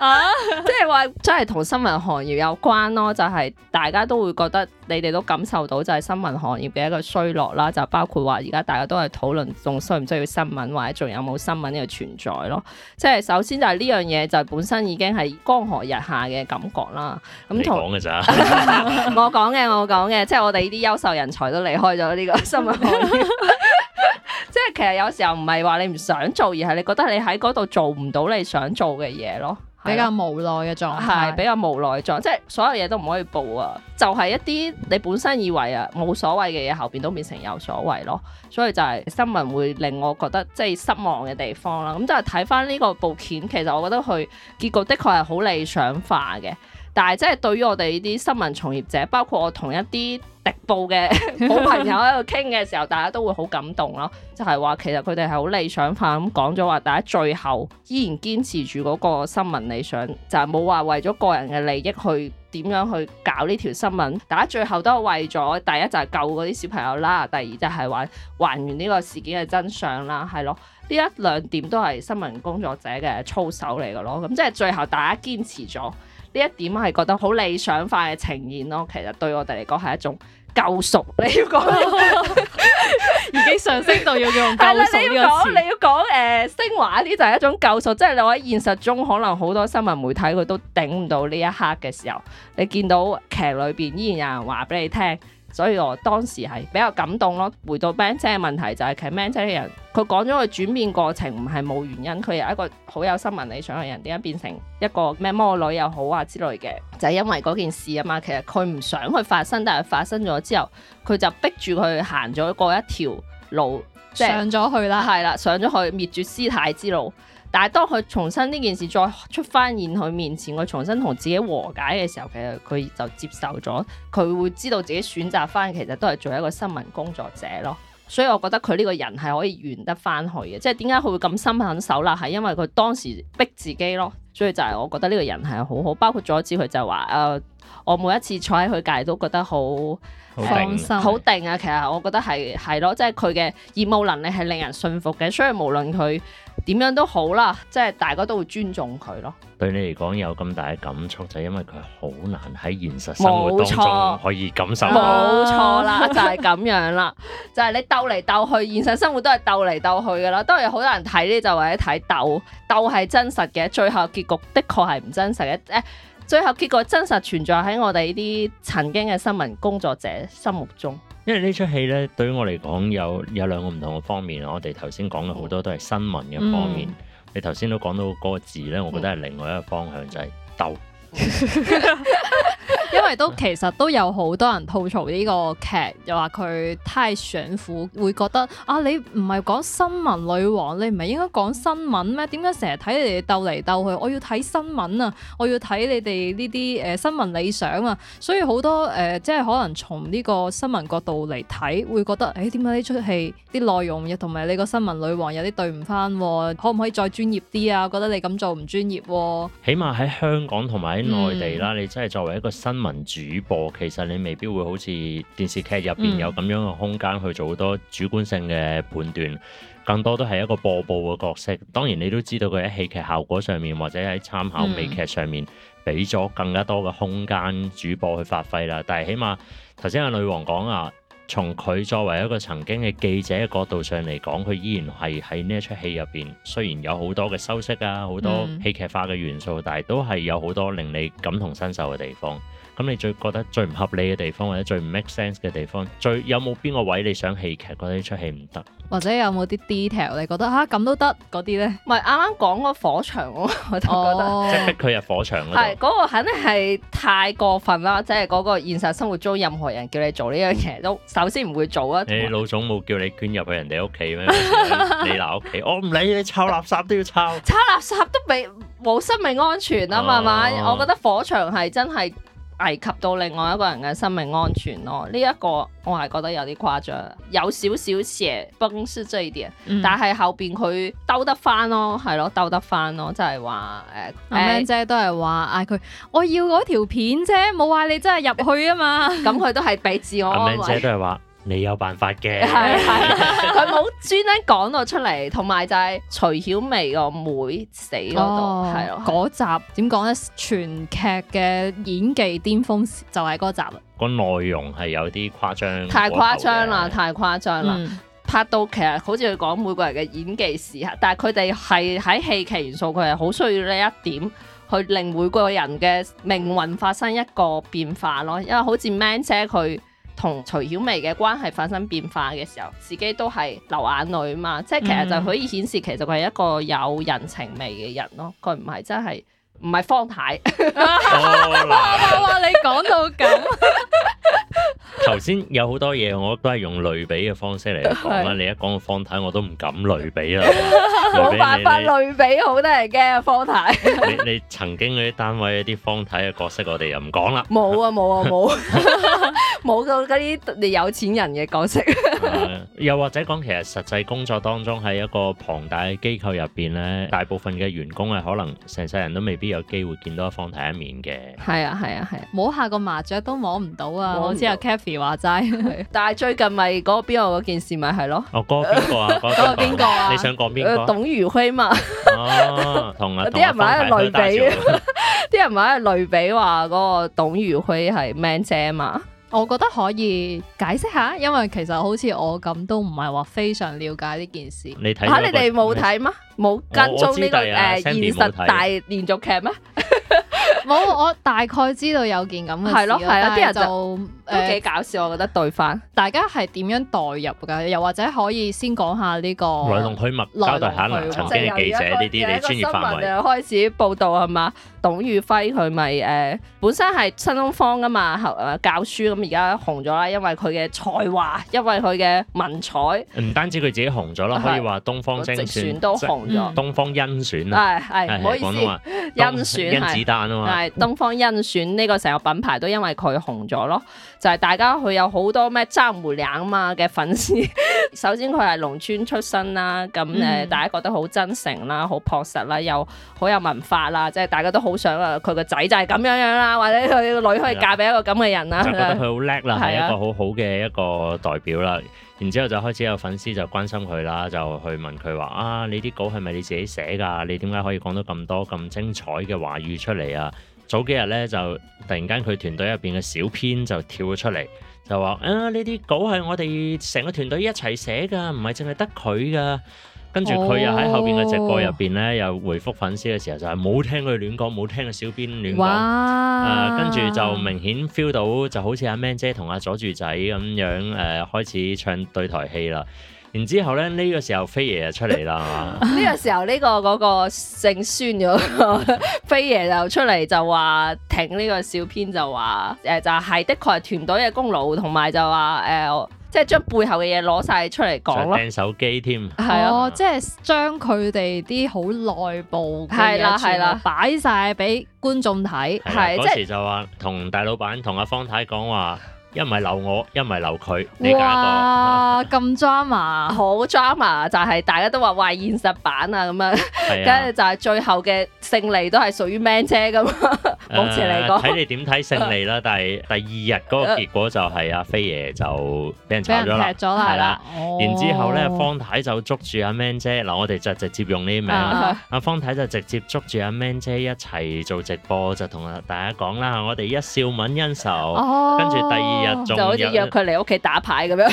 啊、 即係話，即係同新聞行業有關咯，就係、是、大家都會覺得你哋都感受到就係新聞行業嘅一個衰落啦。就包括話而家大家都係討論仲需唔需要新聞，或者仲有冇新聞呢個存在咯。即係首先就係呢樣嘢就本身已經係江河日下嘅感覺啦。咁講嘅咋？我講嘅，我講嘅，即係我哋呢啲優秀人才都離開咗呢個新聞行業。 即係其實有時候唔係話你唔想做，而係你覺得你喺嗰度做唔到你想做嘅嘢咯。比較無奈嘅狀態，比較無奈狀，即係所有嘢都唔可以報啊，就係、係、一啲你本身以為啊冇所謂嘅嘢，後邊都變成有所謂咯。所以就係新聞會令我覺得即係失望嘅地方啦。咁、嗯、就係睇翻呢個報件，其實我覺得佢結局的確係好理想化嘅，但係即係對於我哋呢啲新聞從業者，包括我同一啲迪布嘅好朋友喺度傾嘅時候，大家都會好感動咯。就係話其實佢哋係好理想化咁講咗話，說說大家最後依然堅持住嗰個新聞理想，就係冇話為咗個人嘅利益去點樣去搞呢條新聞。大家最後都係為咗第一就係救嗰啲小朋友啦，第二就係話還原呢個事件嘅真相啦，係咯。呢一兩點都係新聞工作者嘅操守嚟嘅咯。咁即係最後大家堅持咗。呢一點係覺得好理想化嘅呈現咯，其實對我哋嚟講係一種救贖，你要講 已經上升到要用救贖嘅詞。你要講，誒昇華啲就係一種救贖，即係我喺現實中可能好多新聞媒體佢都頂唔到呢一刻嘅時候，你見到劇裏邊依然有人話俾你聽。所以我當時係比較感動咯。回到 Man 姐嘅問題就係，其實 Man 姐嘅人佢講咗佢轉變過程唔係冇原因，佢由一個好有新聞理想嘅人，點解變成一個咩魔女又好啊之類嘅，就係因為嗰件事啊嘛。其實佢唔想去發生，但係發生咗之後，佢就逼住佢行咗嗰一條路，即係上咗去啦。係啦，上咗去滅絕師太之路。但係當佢重新呢件事再出翻現佢面前，佢重新同自己和解嘅時候，其實佢就接受咗，佢會知道自己選擇翻，其實都係做一個新聞工作者咯。所以我覺得佢呢個人係可以圓得翻去嘅，即係點解佢會咁心狠手辣，係因為佢當時逼自己咯。所以就係我覺得呢個人係好好，包括再一次佢就話誒。呃我每一次坐喺佢隔都覺得好放心，好定啊！其實我覺得係係咯，即係佢嘅業務能力係令人信服嘅，所以無論佢點樣都好啦，即係大家都會尊重佢咯。對你嚟講有咁大嘅感觸，就係因為佢好難喺現實生活當中可以感受到。冇錯啦，就係咁樣啦， 就係你鬥嚟鬥去，現實生活都係鬥嚟鬥去噶啦，當然好多人睇呢就為咗睇鬥，鬥係真實嘅，最後結局的確係唔真實嘅。哎最後結果真實存在喺我哋呢啲曾經嘅新聞工作者心目中。因為呢出戲呢，對於我嚟講有有兩個唔同嘅方面。我哋頭先講嘅好多都係新聞嘅方面。嗯、你頭先都講到嗰個字呢，我覺得係另外一個方向就係鬥。 因為都其實都有好多人吐槽呢個劇，又話佢太想苦，會覺得啊，你唔係講新聞女王，你唔係應該講新聞咩？點解成日睇你哋鬥嚟鬥去？我要睇新聞啊！我要睇你哋呢啲誒新聞理想啊！所以好多誒、呃，即係可能從呢個新聞角度嚟睇，會覺得誒點解呢出戲啲內容又同埋你個新聞女王有啲對唔翻？可唔可以再專業啲啊？覺得你咁做唔專業、啊。起碼喺香港同埋喺內地啦，嗯、你真係作為一個新文主播其實你未必會好似電視劇入邊有咁樣嘅空間去做好多主觀性嘅判斷，嗯、更多都係一個播報嘅角色。當然你都知道佢喺戲劇效果上面，或者喺參考美劇上面，俾咗更加多嘅空間主播去發揮啦。但係起碼頭先阿女王講啊，從佢作為一個曾經嘅記者嘅角度上嚟講，佢依然係喺呢一出戲入邊雖然有好多嘅修飾啊，好多戲劇化嘅元素，嗯、但係都係有好多令你感同身受嘅地方。咁你最覺得最唔合理嘅地方，或者最唔 make sense 嘅地方，最有冇邊個位你想戲劇覺得呢出戲唔得？或者有冇啲 detail 你覺得嚇咁都得嗰啲咧？唔係啱啱講個火場，我就覺得、哦、即係逼佢入火場嗰個，係嗰、嗰個肯定係太過分啦！即係嗰個現實生活中，任何人叫你做呢樣嘢都首先唔會做啊。你老總冇叫你捐入去人哋屋企咩？你娜屋企，我唔理你抄垃圾都要抄，抄垃圾都未冇生命安全啊嘛嘛！我覺得火場係真係，危及到另外一個人嘅生命安全咯，呢、這、一個我係覺得有啲誇張，有少少射崩輸咗呢啲，但係後邊佢兜得翻咯，係咯，兜得翻咯，即係話誒，阿 Man 姐都係話嗌佢，我要嗰條片啫，冇話你真係入去啊嘛，咁 佢都係俾自我，阿 Man 姐都係話。 你有辦法嘅，係係佢冇專登講到出嚟，同埋就係徐曉薇個妹，妹死嗰度係嗰集點講咧？全劇嘅演技巔峰就係、係、嗰集啦。個內容係有啲誇張，太誇張，太誇張啦，太誇張啦！拍到其實好似佢講每個人嘅演技時刻，但係佢哋係喺戲劇元素，佢係好需要呢一點去令每個人嘅命運發生一個變化咯。因為好似 Man 姐佢。同徐曉薇嘅關係發生變化嘅時候，自己都係流眼淚啊嘛，即係其實就可以顯示，其實佢係一個有人情味嘅人咯。佢唔係真係唔係方太，話話你講到咁。 頭先有好多嘢，我都係用類比嘅方式嚟講啦。是你一講個方太，我都唔敢類比啊！冇辦法類比，好得人驚啊。方太。 你你曾經嗰啲單位一啲方太嘅角色，我哋又唔講啦。冇啊冇啊冇，冇到嗰啲你有錢人嘅角色、 啊。又或者講其實實際工作當中喺一個龐大機構入邊咧，大部分嘅員工係，可能成世人都未必有機會見到方太一面嘅。係啊係啊係啊，摸下個麻雀都摸唔到啊！我知啊。話齋，但係最近咪嗰個邊個嗰件事咪係咯？嗰個邊個啊？嗰個邊個啊？你想講邊個？董如輝嘛？哦，同啊，啲人咪喺度類比，啲人咪喺度類比話嗰個董如輝係 man 姐嘛？我覺得可以解釋下，因為其實好似我咁都唔係話非常了解呢件事。你睇吓？你哋冇睇咩？冇跟蹤呢個誒現實大連續劇咩？冇，我大概知道有件咁嘅事，但係啲人就都幾搞笑，我覺得對翻。大家係點樣代入噶？又或者可以先講下呢個來龍去脈，交代下曾經嘅記者呢啲你專業範圍又開始報道，係嘛？董宇輝佢咪誒，本身係新東方噶嘛，教書，咁而家紅咗啦，因為佢嘅才華，因為佢嘅文采。唔單止佢自己紅咗啦，可以話東方精選都紅咗，東方甄選啊，係係唔好意思，甄選但係東方甄選呢個成個品牌都因為佢紅咗咯，就係大家佢有好多咩爭唔兩嘛嘅粉絲。 首先佢係農村出身啦，咁誒大家覺得好真誠啦，好樸實啦，又好有文化啦，即係大家都好想啊佢個仔就係咁樣樣啦，或者佢個女可以嫁俾一個咁嘅人啦。的覺得佢好叻啦，係一個好好嘅一個代表啦。然之後就開始有粉絲就關心佢啦，就去問佢話：啊，你啲稿係咪你自己寫㗎？你點解可以講到咁多咁精彩嘅話語出嚟啊？早幾日咧就突然間佢團隊入邊嘅小編就跳咗出嚟，就話：啊，呢啲稿係我哋成個團隊一齊寫㗎，唔係淨係得佢㗎。跟住佢又喺後邊嘅直播入邊咧，oh. 又回覆粉絲嘅時候就係、是、冇聽佢亂講，冇聽個小編亂講。誒哇、呃，跟住就明顯 feel 到就好似阿 Man 姐同阿佐住仔咁樣誒、呃，開始唱對台戲啦。然之後咧，呢、這個時候飛爺就出嚟啦。呢個時候呢個嗰個姓孫咗，個飛爺就出嚟就話挺呢個小編、呃，就話、是、誒就係的確係團隊嘅功勞，同埋就話誒。即係將背後嘅嘢攞晒出嚟講咯，掟手機添，係啊！即係將佢哋啲好內部係啦係啦，擺晒俾觀眾睇，係嗰時就話同大老闆同阿方太講話，一唔係留我，一唔係留佢，你揀一個。哇！咁 drama，好 drama，就係大家都話喂現實版啊咁樣，跟住就係最後嘅勝利都係屬於 Man 姐咁。誒睇，嗯，你點睇勝利啦，但係第二日嗰個結果就係阿飛爺就俾人炒咗啦，係啦了。哦，然之後咧，方太就捉住阿，啊，man 姐，嗱，呃、我哋就直接用呢啲名。阿，啊啊、方太就直接捉住阿，啊，man 姐一齊做直播，就同大家講啦。我哋一笑泯恩仇，跟住，哦，第二日仲好似約佢嚟屋企打牌咁樣，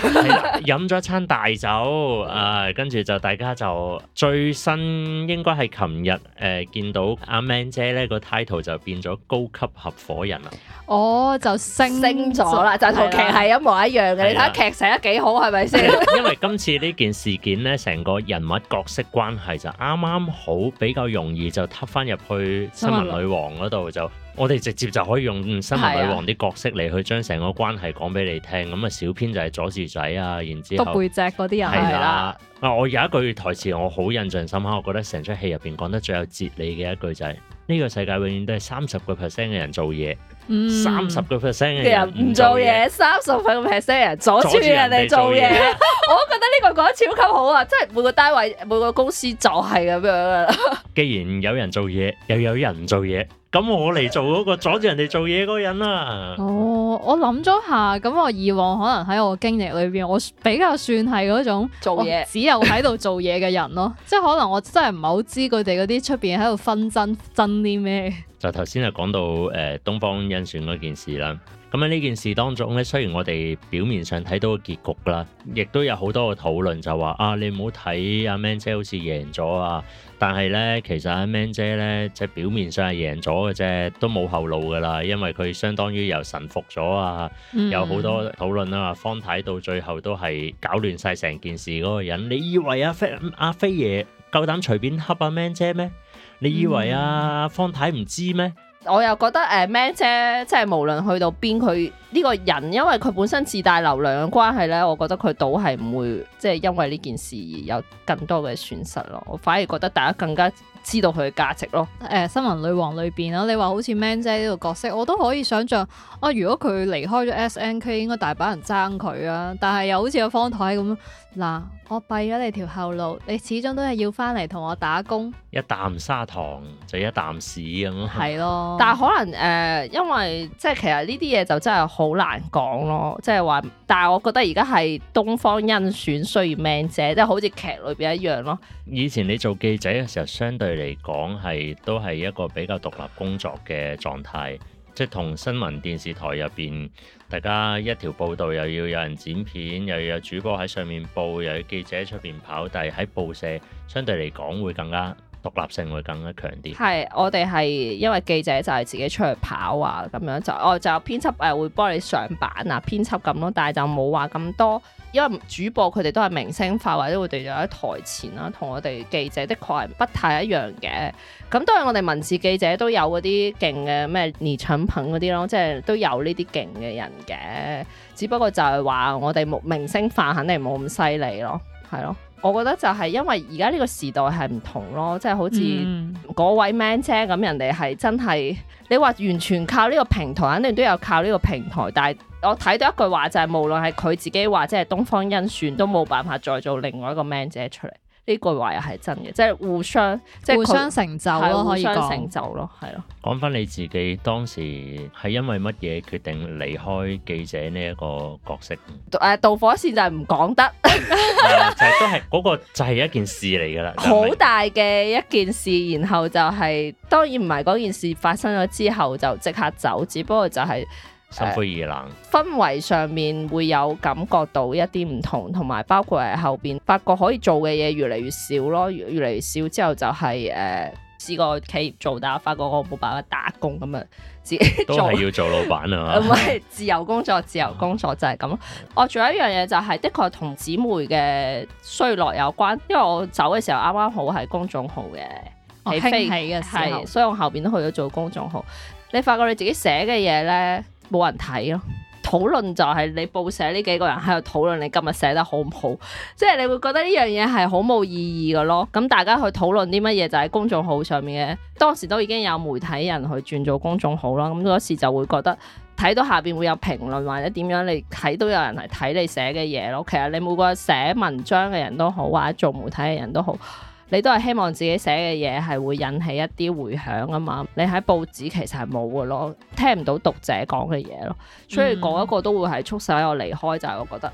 飲咗， 嗯，一餐大酒。誒，呃，跟住就大家就最新應該係琴日誒見到阿，啊，man 姐咧，嗰個 title 就變咗。高級合夥人啦，哦，就升升咗了啦，就同劇係一模一樣嘅。了你睇劇寫得幾好，係咪先？了 因為今次呢件事件呢，成個人物角色關係就啱啱好比較容易就撻返入去《新聞女王》嗰度，就我哋直接就可以用《新聞女王》啲角色嚟去將成個關係講俾你聽。咁啊了，小編就係左事仔啊，然之後背脊嗰啲人係啦。啊，我有一句台詞我好印象深刻，我覺得成出戲入邊講得最有哲理嘅一句就係、是。呢個世界永遠都係三十個 percent 嘅人做嘢，三十個 percent 嘅人唔做嘢，三十個 percent 嘅人阻住人哋做嘢。做 我都覺得呢個講得超級好啊！即係每個單位、每個公司就係咁樣啦。 既然有人做嘢，又有人唔做嘢。咁我嚟做嗰、那個阻住人哋做嘢嗰個人啦、啊。哦，oh, 我諗咗下，咁我以往可能喺我經歷裏邊，我比較算係嗰種做嘢事只有喺度做嘢嘅人咯。 即係可能我真係唔係好知佢哋嗰啲出邊喺度紛爭爭啲咩？就頭先就講到誒、呃、東方甄選嗰件事啦，咁喺呢件事當中咧，雖然我哋表面上睇到個結局啦，亦都有好多個討論就話啊，你唔好睇阿 Man 姐好似贏咗啊，但係咧其實阿、啊、Man 姐咧，即係表面上係贏咗嘅啫，都冇後路噶啦，因為佢相當於由臣服咗啊，有好多討論啊，方太到最後都係搞亂晒成件事嗰個人，你以為阿飛阿飛爺夠膽隨便恰阿、啊、Man 姐咩？你以為啊，方太唔知咩？我又覺得誒、呃、Man 姐即係無論去到邊佢呢個人，因為佢本身自帶流量嘅關係咧，我覺得佢倒係唔會即係因為呢件事而有更多嘅損失咯。我反而覺得大家更加知道佢嘅價值咯。誒、呃、新聞女王裏邊啊，你話好似 Man 姐呢個角色，我都可以想象啊，如果佢離開咗 SNK，應該大把人爭佢啊。但係又好似個方太咁。嗱，我閉咗你條後路，你始終都係要翻嚟同我打工，一啖砂糖就一啖屎咁咯。係 咯，但係可能誒、呃，因為即係其實呢啲嘢就真係好難講咯，即係話，但係我覺得而家係東方甄選需要 Man 姐即係好似劇裏邊一樣咯。以前你做記者嘅時候，相對嚟講係都係一個比較獨立工作嘅狀態。即同新聞電視台入邊，大家一條報道又要有人剪片，又要有主播喺上面報，又要記者喺出邊跑，但係喺報社相對嚟講會更加。獨立性會更加強啲。係，我哋係因為記者就係自己出去跑啊，咁樣就哦，就編輯誒會幫你上版啊，編輯咁咯。但係就冇話咁多，因為主播佢哋都係明星化，或者我哋就喺台前啦，啊，同我哋記者的確係不太一樣嘅。咁當然，我哋文字記者都有嗰啲勁嘅咩熱產品嗰啲咯，即係都有呢啲勁嘅人嘅。只不過就係話我哋冇明星化，肯定冇咁犀利咯，係咯。我覺得就係因為而家呢個時代係唔同咯，即係好似嗰位 man 姐咁，人哋係真係你話完全靠呢個平台，肯定都有靠呢個平台。但係我睇到一句話就係，無論係佢自己話，即係東方甄選，都冇辦法再做另外一個 man 姐出嚟。呢句話又係真嘅，即係互相，即係互相成就咯，對可以成就咯，係咯。講翻你自己當時係因為乜嘢決定離開記者呢一個角色？誒、呃，導火線就係唔講得， 就係都係嗰、那個就係一件事嚟噶啦，好大嘅一件事。然後就係、是、當然唔係嗰件事發生咗之後就即刻走，只不過就係、是。心灰意冷，uh, 氛圍上面會有感覺到一啲唔同，同埋包括係後邊發覺可以做嘅嘢越嚟越少咯，越嚟越少之後就係誒試過企業做，但係發覺我冇辦法打工咁啊，自己都係要做老闆啊，唔係 自由工作，自由工作就係咁咯。啊、我仲有一樣嘢就係、是、的確同姊妹嘅衰落有關，因為我走嘅時候啱啱好係公眾號嘅、哦、飛興起嘅時候，所以我後邊都去咗做公眾號。你發覺你自己寫嘅嘢咧？冇人睇咯，討論就係你報社呢幾個人喺度討論你今日寫得好唔好，即係你會覺得呢樣嘢係好冇意義嘅咯。咁大家去討論啲乜嘢就喺公眾號上面嘅，當時都已經有媒體人去轉做公眾號啦。咁嗰時就會覺得睇到下邊會有評論或者點樣，你睇到有人係睇你寫嘅嘢咯。其實你每個寫文章嘅人都好，或者做媒體嘅人都好。你都係希望自己寫嘅嘢係會引起一啲迴響啊嘛？你喺報紙其實係冇嘅咯，聽唔到讀者講嘅嘢咯，所以嗰一個都會係促使我離開。就係我覺得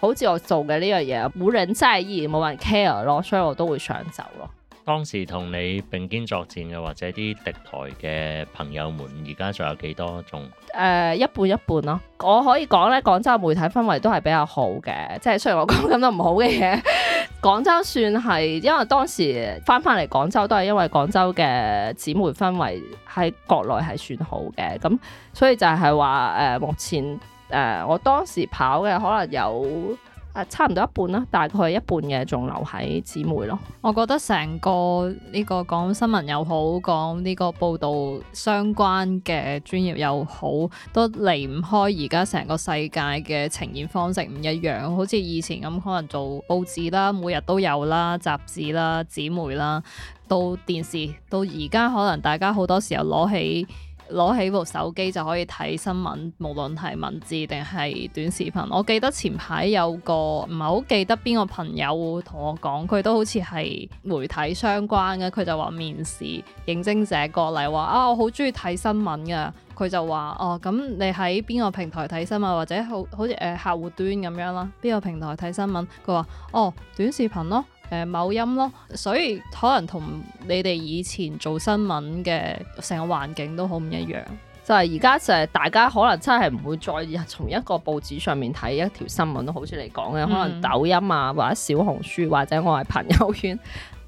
好似我做嘅呢樣嘢冇人真係依然冇人 care 咯，所以我都會想走咯。當時同你並肩作戰嘅或者啲敵台嘅朋友們，而家仲有幾多？仲誒、呃、一半一半咯。我可以講咧，廣州媒體氛圍都係比較好嘅，即係雖然我講咁多唔好嘅嘢，廣州算係因為當時翻返嚟廣州都係因為廣州嘅紙媒氛圍喺國內係算好嘅，咁所以就係話誒目前誒、呃、我當時跑嘅可能有。差唔多一半啦，大概一半嘅仲留喺紙媒咯。我覺得成個呢個講新聞又好，講呢個報道相關嘅專業又好，都離唔開而家成個世界嘅呈現方式唔一樣，好似以前咁，可能做報紙啦，每日都有啦，雜誌啦，紙媒啦，到電視，到而家可能大家好多時候攞起。攞起部手機就可以睇新聞，無論係文字定係短視頻。我記得前排有個唔係好記得邊個朋友會同我講，佢都好似係媒體相關嘅。佢就話面試應徵者過嚟話啊，我好中意睇新聞㗎。佢就話哦，咁你喺邊個平台睇新聞或者好好似誒、呃、客戶端咁樣啦？邊個平台睇新聞？佢話哦，短視頻咯。誒、呃、某音咯，所以可能同你哋以前做新聞嘅成個環境都好唔一樣。就係而家就係大家可能真係唔會再從一個報紙上面睇一條新聞都好似你講嘅，嗯、可能抖音啊或者小紅書或者我係朋友圈，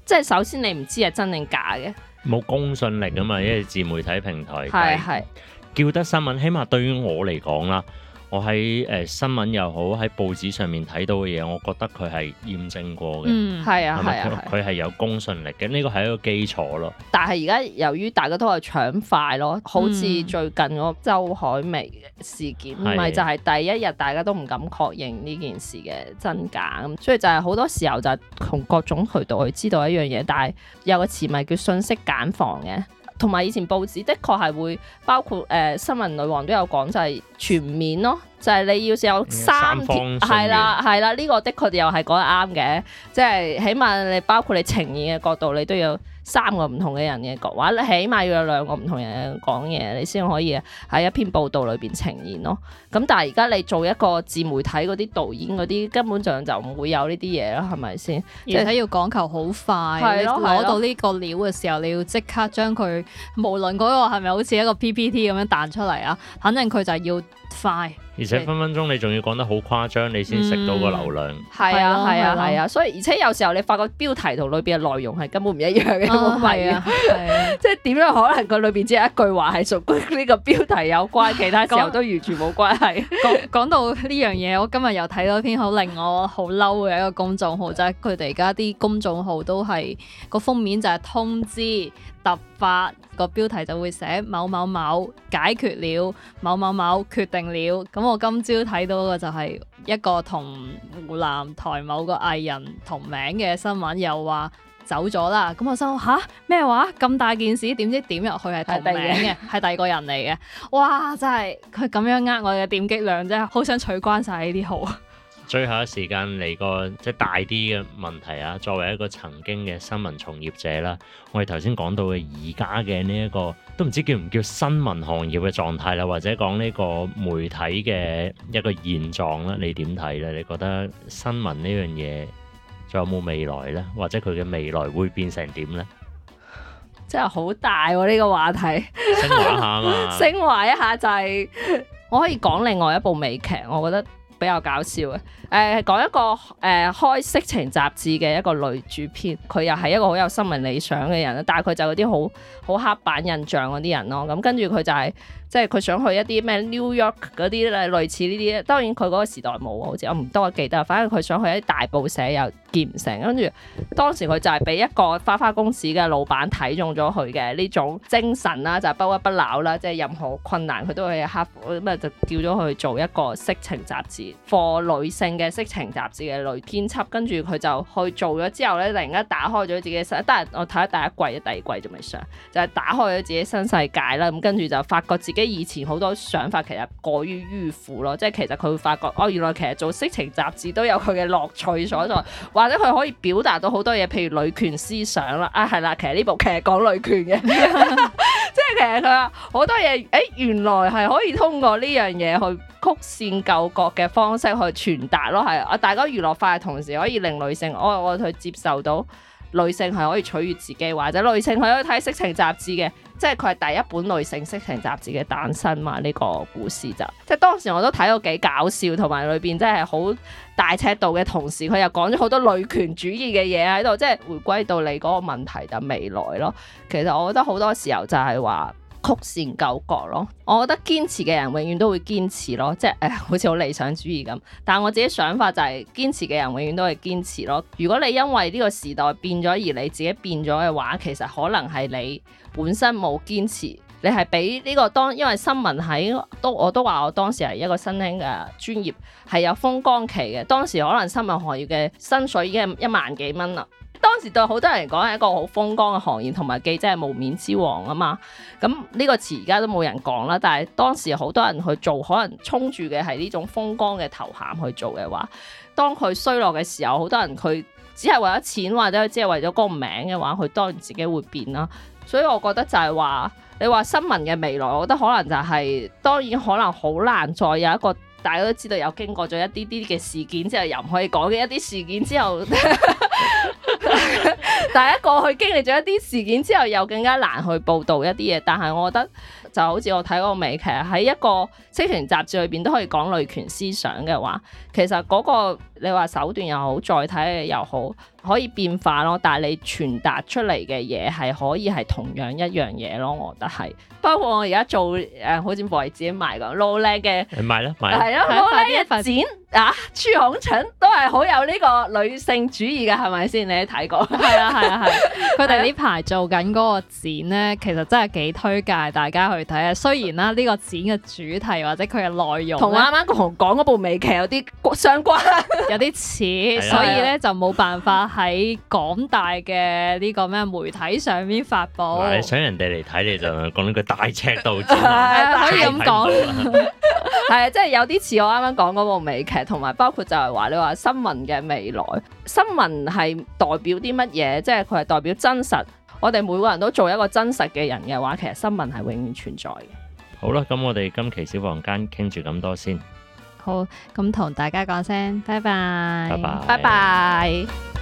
即係首先你唔知係真定假嘅，冇公信力啊嘛，因為自媒體平台係係、嗯、叫得新聞，起碼對於我嚟講啦。我喺誒、呃、新聞又好，喺報紙上面睇到嘅嘢，我覺得佢係驗證過嘅，係啊係啊，佢係、啊啊、有公信力嘅，呢個係一個基礎咯。但係而家由於大家都係搶快咯，好似最近嗰周海媚事件，唔係、嗯、就係第一日大家都唔敢確認呢件事嘅真假，啊、所以就係好多時候就係從各種渠道去知道一樣嘢，但係有個詞咪叫信息繭房嘅。同埋以前報紙的確係會包括誒、呃、新聞女王都有講，就係、是、全面咯，就係、是、你要有三條，係啦係啦，呢、這個的確又係講得啱嘅，即、就、係、是、起碼你包括你呈現嘅角度，你都要。三個唔同嘅人嘅講話，你起碼要有兩個唔同人講嘢，你先可以喺一篇報導裏邊呈現咯。咁但係而家你做一個自媒體嗰啲導演嗰啲，根本上就唔會有呢啲嘢咯，係咪先？而且原要講求好快，係咯，攞到呢個料嘅時候，你要即刻將佢，無論嗰個係咪好似一個 PPT 咁樣彈出嚟啊，反正佢就係要。快，而且分分鐘你仲要講得好誇張，你先食到個流量。係啊係啊係啊，啊啊啊所以而且有時候你發個標題同裏邊嘅內容係根本唔一樣嘅，係啊，即係點樣可能佢裏邊只有一句話係屬於呢個標題有關，其他時候都完全冇關係。講 到呢樣嘢，我今日又睇到一篇好令我好嬲嘅一個公眾號， 就係佢哋而家啲公眾號都係，嗰個封面就係通知。突發，個標題就會寫某某某解決了、某某某決定了。咁我今朝睇到個就係一個同湖南台某個藝人同名嘅新聞，又話走咗啦，咁我心吓咩話咁大件事，點知點入去係同名嘅，係第二個人嚟嘅，哇真係佢咁樣呃我嘅點擊量真係，好想取關晒呢啲號。最後一時間嚟個即係大啲嘅問題啊。作為一個曾經嘅新聞從業者啦，我哋頭先講到嘅而家嘅呢一個都唔知叫唔叫新聞行業嘅狀態啦，或者講呢個媒體嘅一個現狀咧，你點睇咧？你覺得新聞呢樣嘢仲有冇未來呢？或者佢嘅未來會變成點呢？真係好大喎、啊！呢、呢個話題昇 華一升華一下就係、係、我可以講另外一部美劇，我覺得。比較搞笑嘅，誒、呃，講一個誒、呃、開色情雜誌嘅一個女主編，佢又係一個好有新聞理想嘅人啦，但係佢就嗰啲好好刻板印象嗰啲人咯，咁跟住佢就係、是。即係佢想去一啲咩 New York 嗰啲咧，類似呢啲，當然佢嗰個時代冇好似我唔多記得。反正佢想去一啲大報社又見唔成，跟住當時佢就係俾一個花花公子嘅老闆睇中咗佢嘅呢種精神啦，就係、不屈不撓啦，即係任何困難佢都會克服。咁就叫咗佢做一個色情雜誌，for 女性嘅色情雜誌嘅女編輯。跟住佢就去做咗之後咧，突然間打開咗自己新，但係我睇第一季第二季仲未上，就係、係、打開咗自己新世界啦。咁跟住就發覺自己。以前好多想法，其實過於迂腐咯。即係其實佢會發覺，哦，原來其實做色情雜誌都有佢嘅樂趣所在，或者佢可以表達到好多嘢，譬如女權思想啦。啊，係啦，其實呢部劇講女權嘅， 即係其實佢話好多嘢，誒，原來係可以通過呢樣嘢去曲線救國嘅方式去傳達咯。係啊，大家娛樂化嘅同時，可以令女性我我去接受到。女性係可以取悅自己，或者女性係可以睇色情雜誌嘅，即係佢係第一本女性色情雜誌嘅誕生嘛？呢個故事就即係當時我都睇到幾搞笑，同埋裏邊即係好大尺度嘅同時，佢又講咗好多女權主義嘅嘢喺度，即係回歸到你嗰個問題嘅未來咯。其實我覺得好多時候就係話。曲線救國咯，我覺得堅持嘅人永遠都會堅持咯，即係誒、呃，好似好理想主義咁。但係我自己想法就係堅持嘅人永遠都係堅持咯。如果你因為呢個時代變咗而你自己變咗嘅話，其實可能係你本身冇堅持，你係俾呢個當因為新聞喺都我都話我當時係一個新興嘅專業係有風光期嘅，當時可能新聞行業嘅薪水已經係一萬幾蚊啦。當時對好多人講係一個好風光嘅行業，同埋記者係無冕之王啊嘛。咁、這、呢個詞而家都冇人講啦。但係當時好多人去做，可能衝住嘅係呢種風光嘅頭銜去做嘅話，當佢衰落嘅時候，好多人佢只係為咗錢，或者佢只係為咗嗰個名嘅話，佢當然自己會變啦。所以我覺得就係話，你話新聞嘅未來，我覺得可能就係、是、當然可能好難再有一個大家都知道有經過咗一啲啲嘅事件之後，又唔可以講嘅一啲事件之後。 第一， 但過去經歷咗一啲事件之後，又更加難去報導一啲嘢。但係，我覺得。就好似我睇嗰個美劇喺一個色情雜誌裏邊都可以講女權思想嘅話，其實嗰個你話手段又好，載體又好，可以變化咯。但係你傳達出嚟嘅嘢係可以係同樣一樣嘢咯。我覺得係。包括我而家做誒、嗯、好似博主自己賣嘅老靚嘅賣啦，賣啦。係咯，老靚嘅展啊，覷紅塵都係好有呢個女性主義嘅，係咪先？你睇過，係 啊，係啊，係。佢哋呢排做緊嗰個展咧，其實真係幾推介大家去。睇啊！雖然啦，呢個展嘅主題或者佢嘅內容同我啱啱同講嗰部美劇有啲相關 有像，有啲似，所以咧就冇辦法喺廣大嘅呢個咩媒體上面發布。 你想人哋嚟睇你就講呢個大尺度，可以咁講。係啊，即係有啲似我啱啱講嗰部美劇，同埋包括就係話你話新聞嘅未來，新聞係代表啲乜嘢？即係佢係代表真實。我哋每個人都做一個真實嘅人嘅話，其實新聞係永遠存在嘅。好啦，咁我哋今期小房間傾住咁多先。好，咁同大家講聲拜拜，拜拜，拜拜。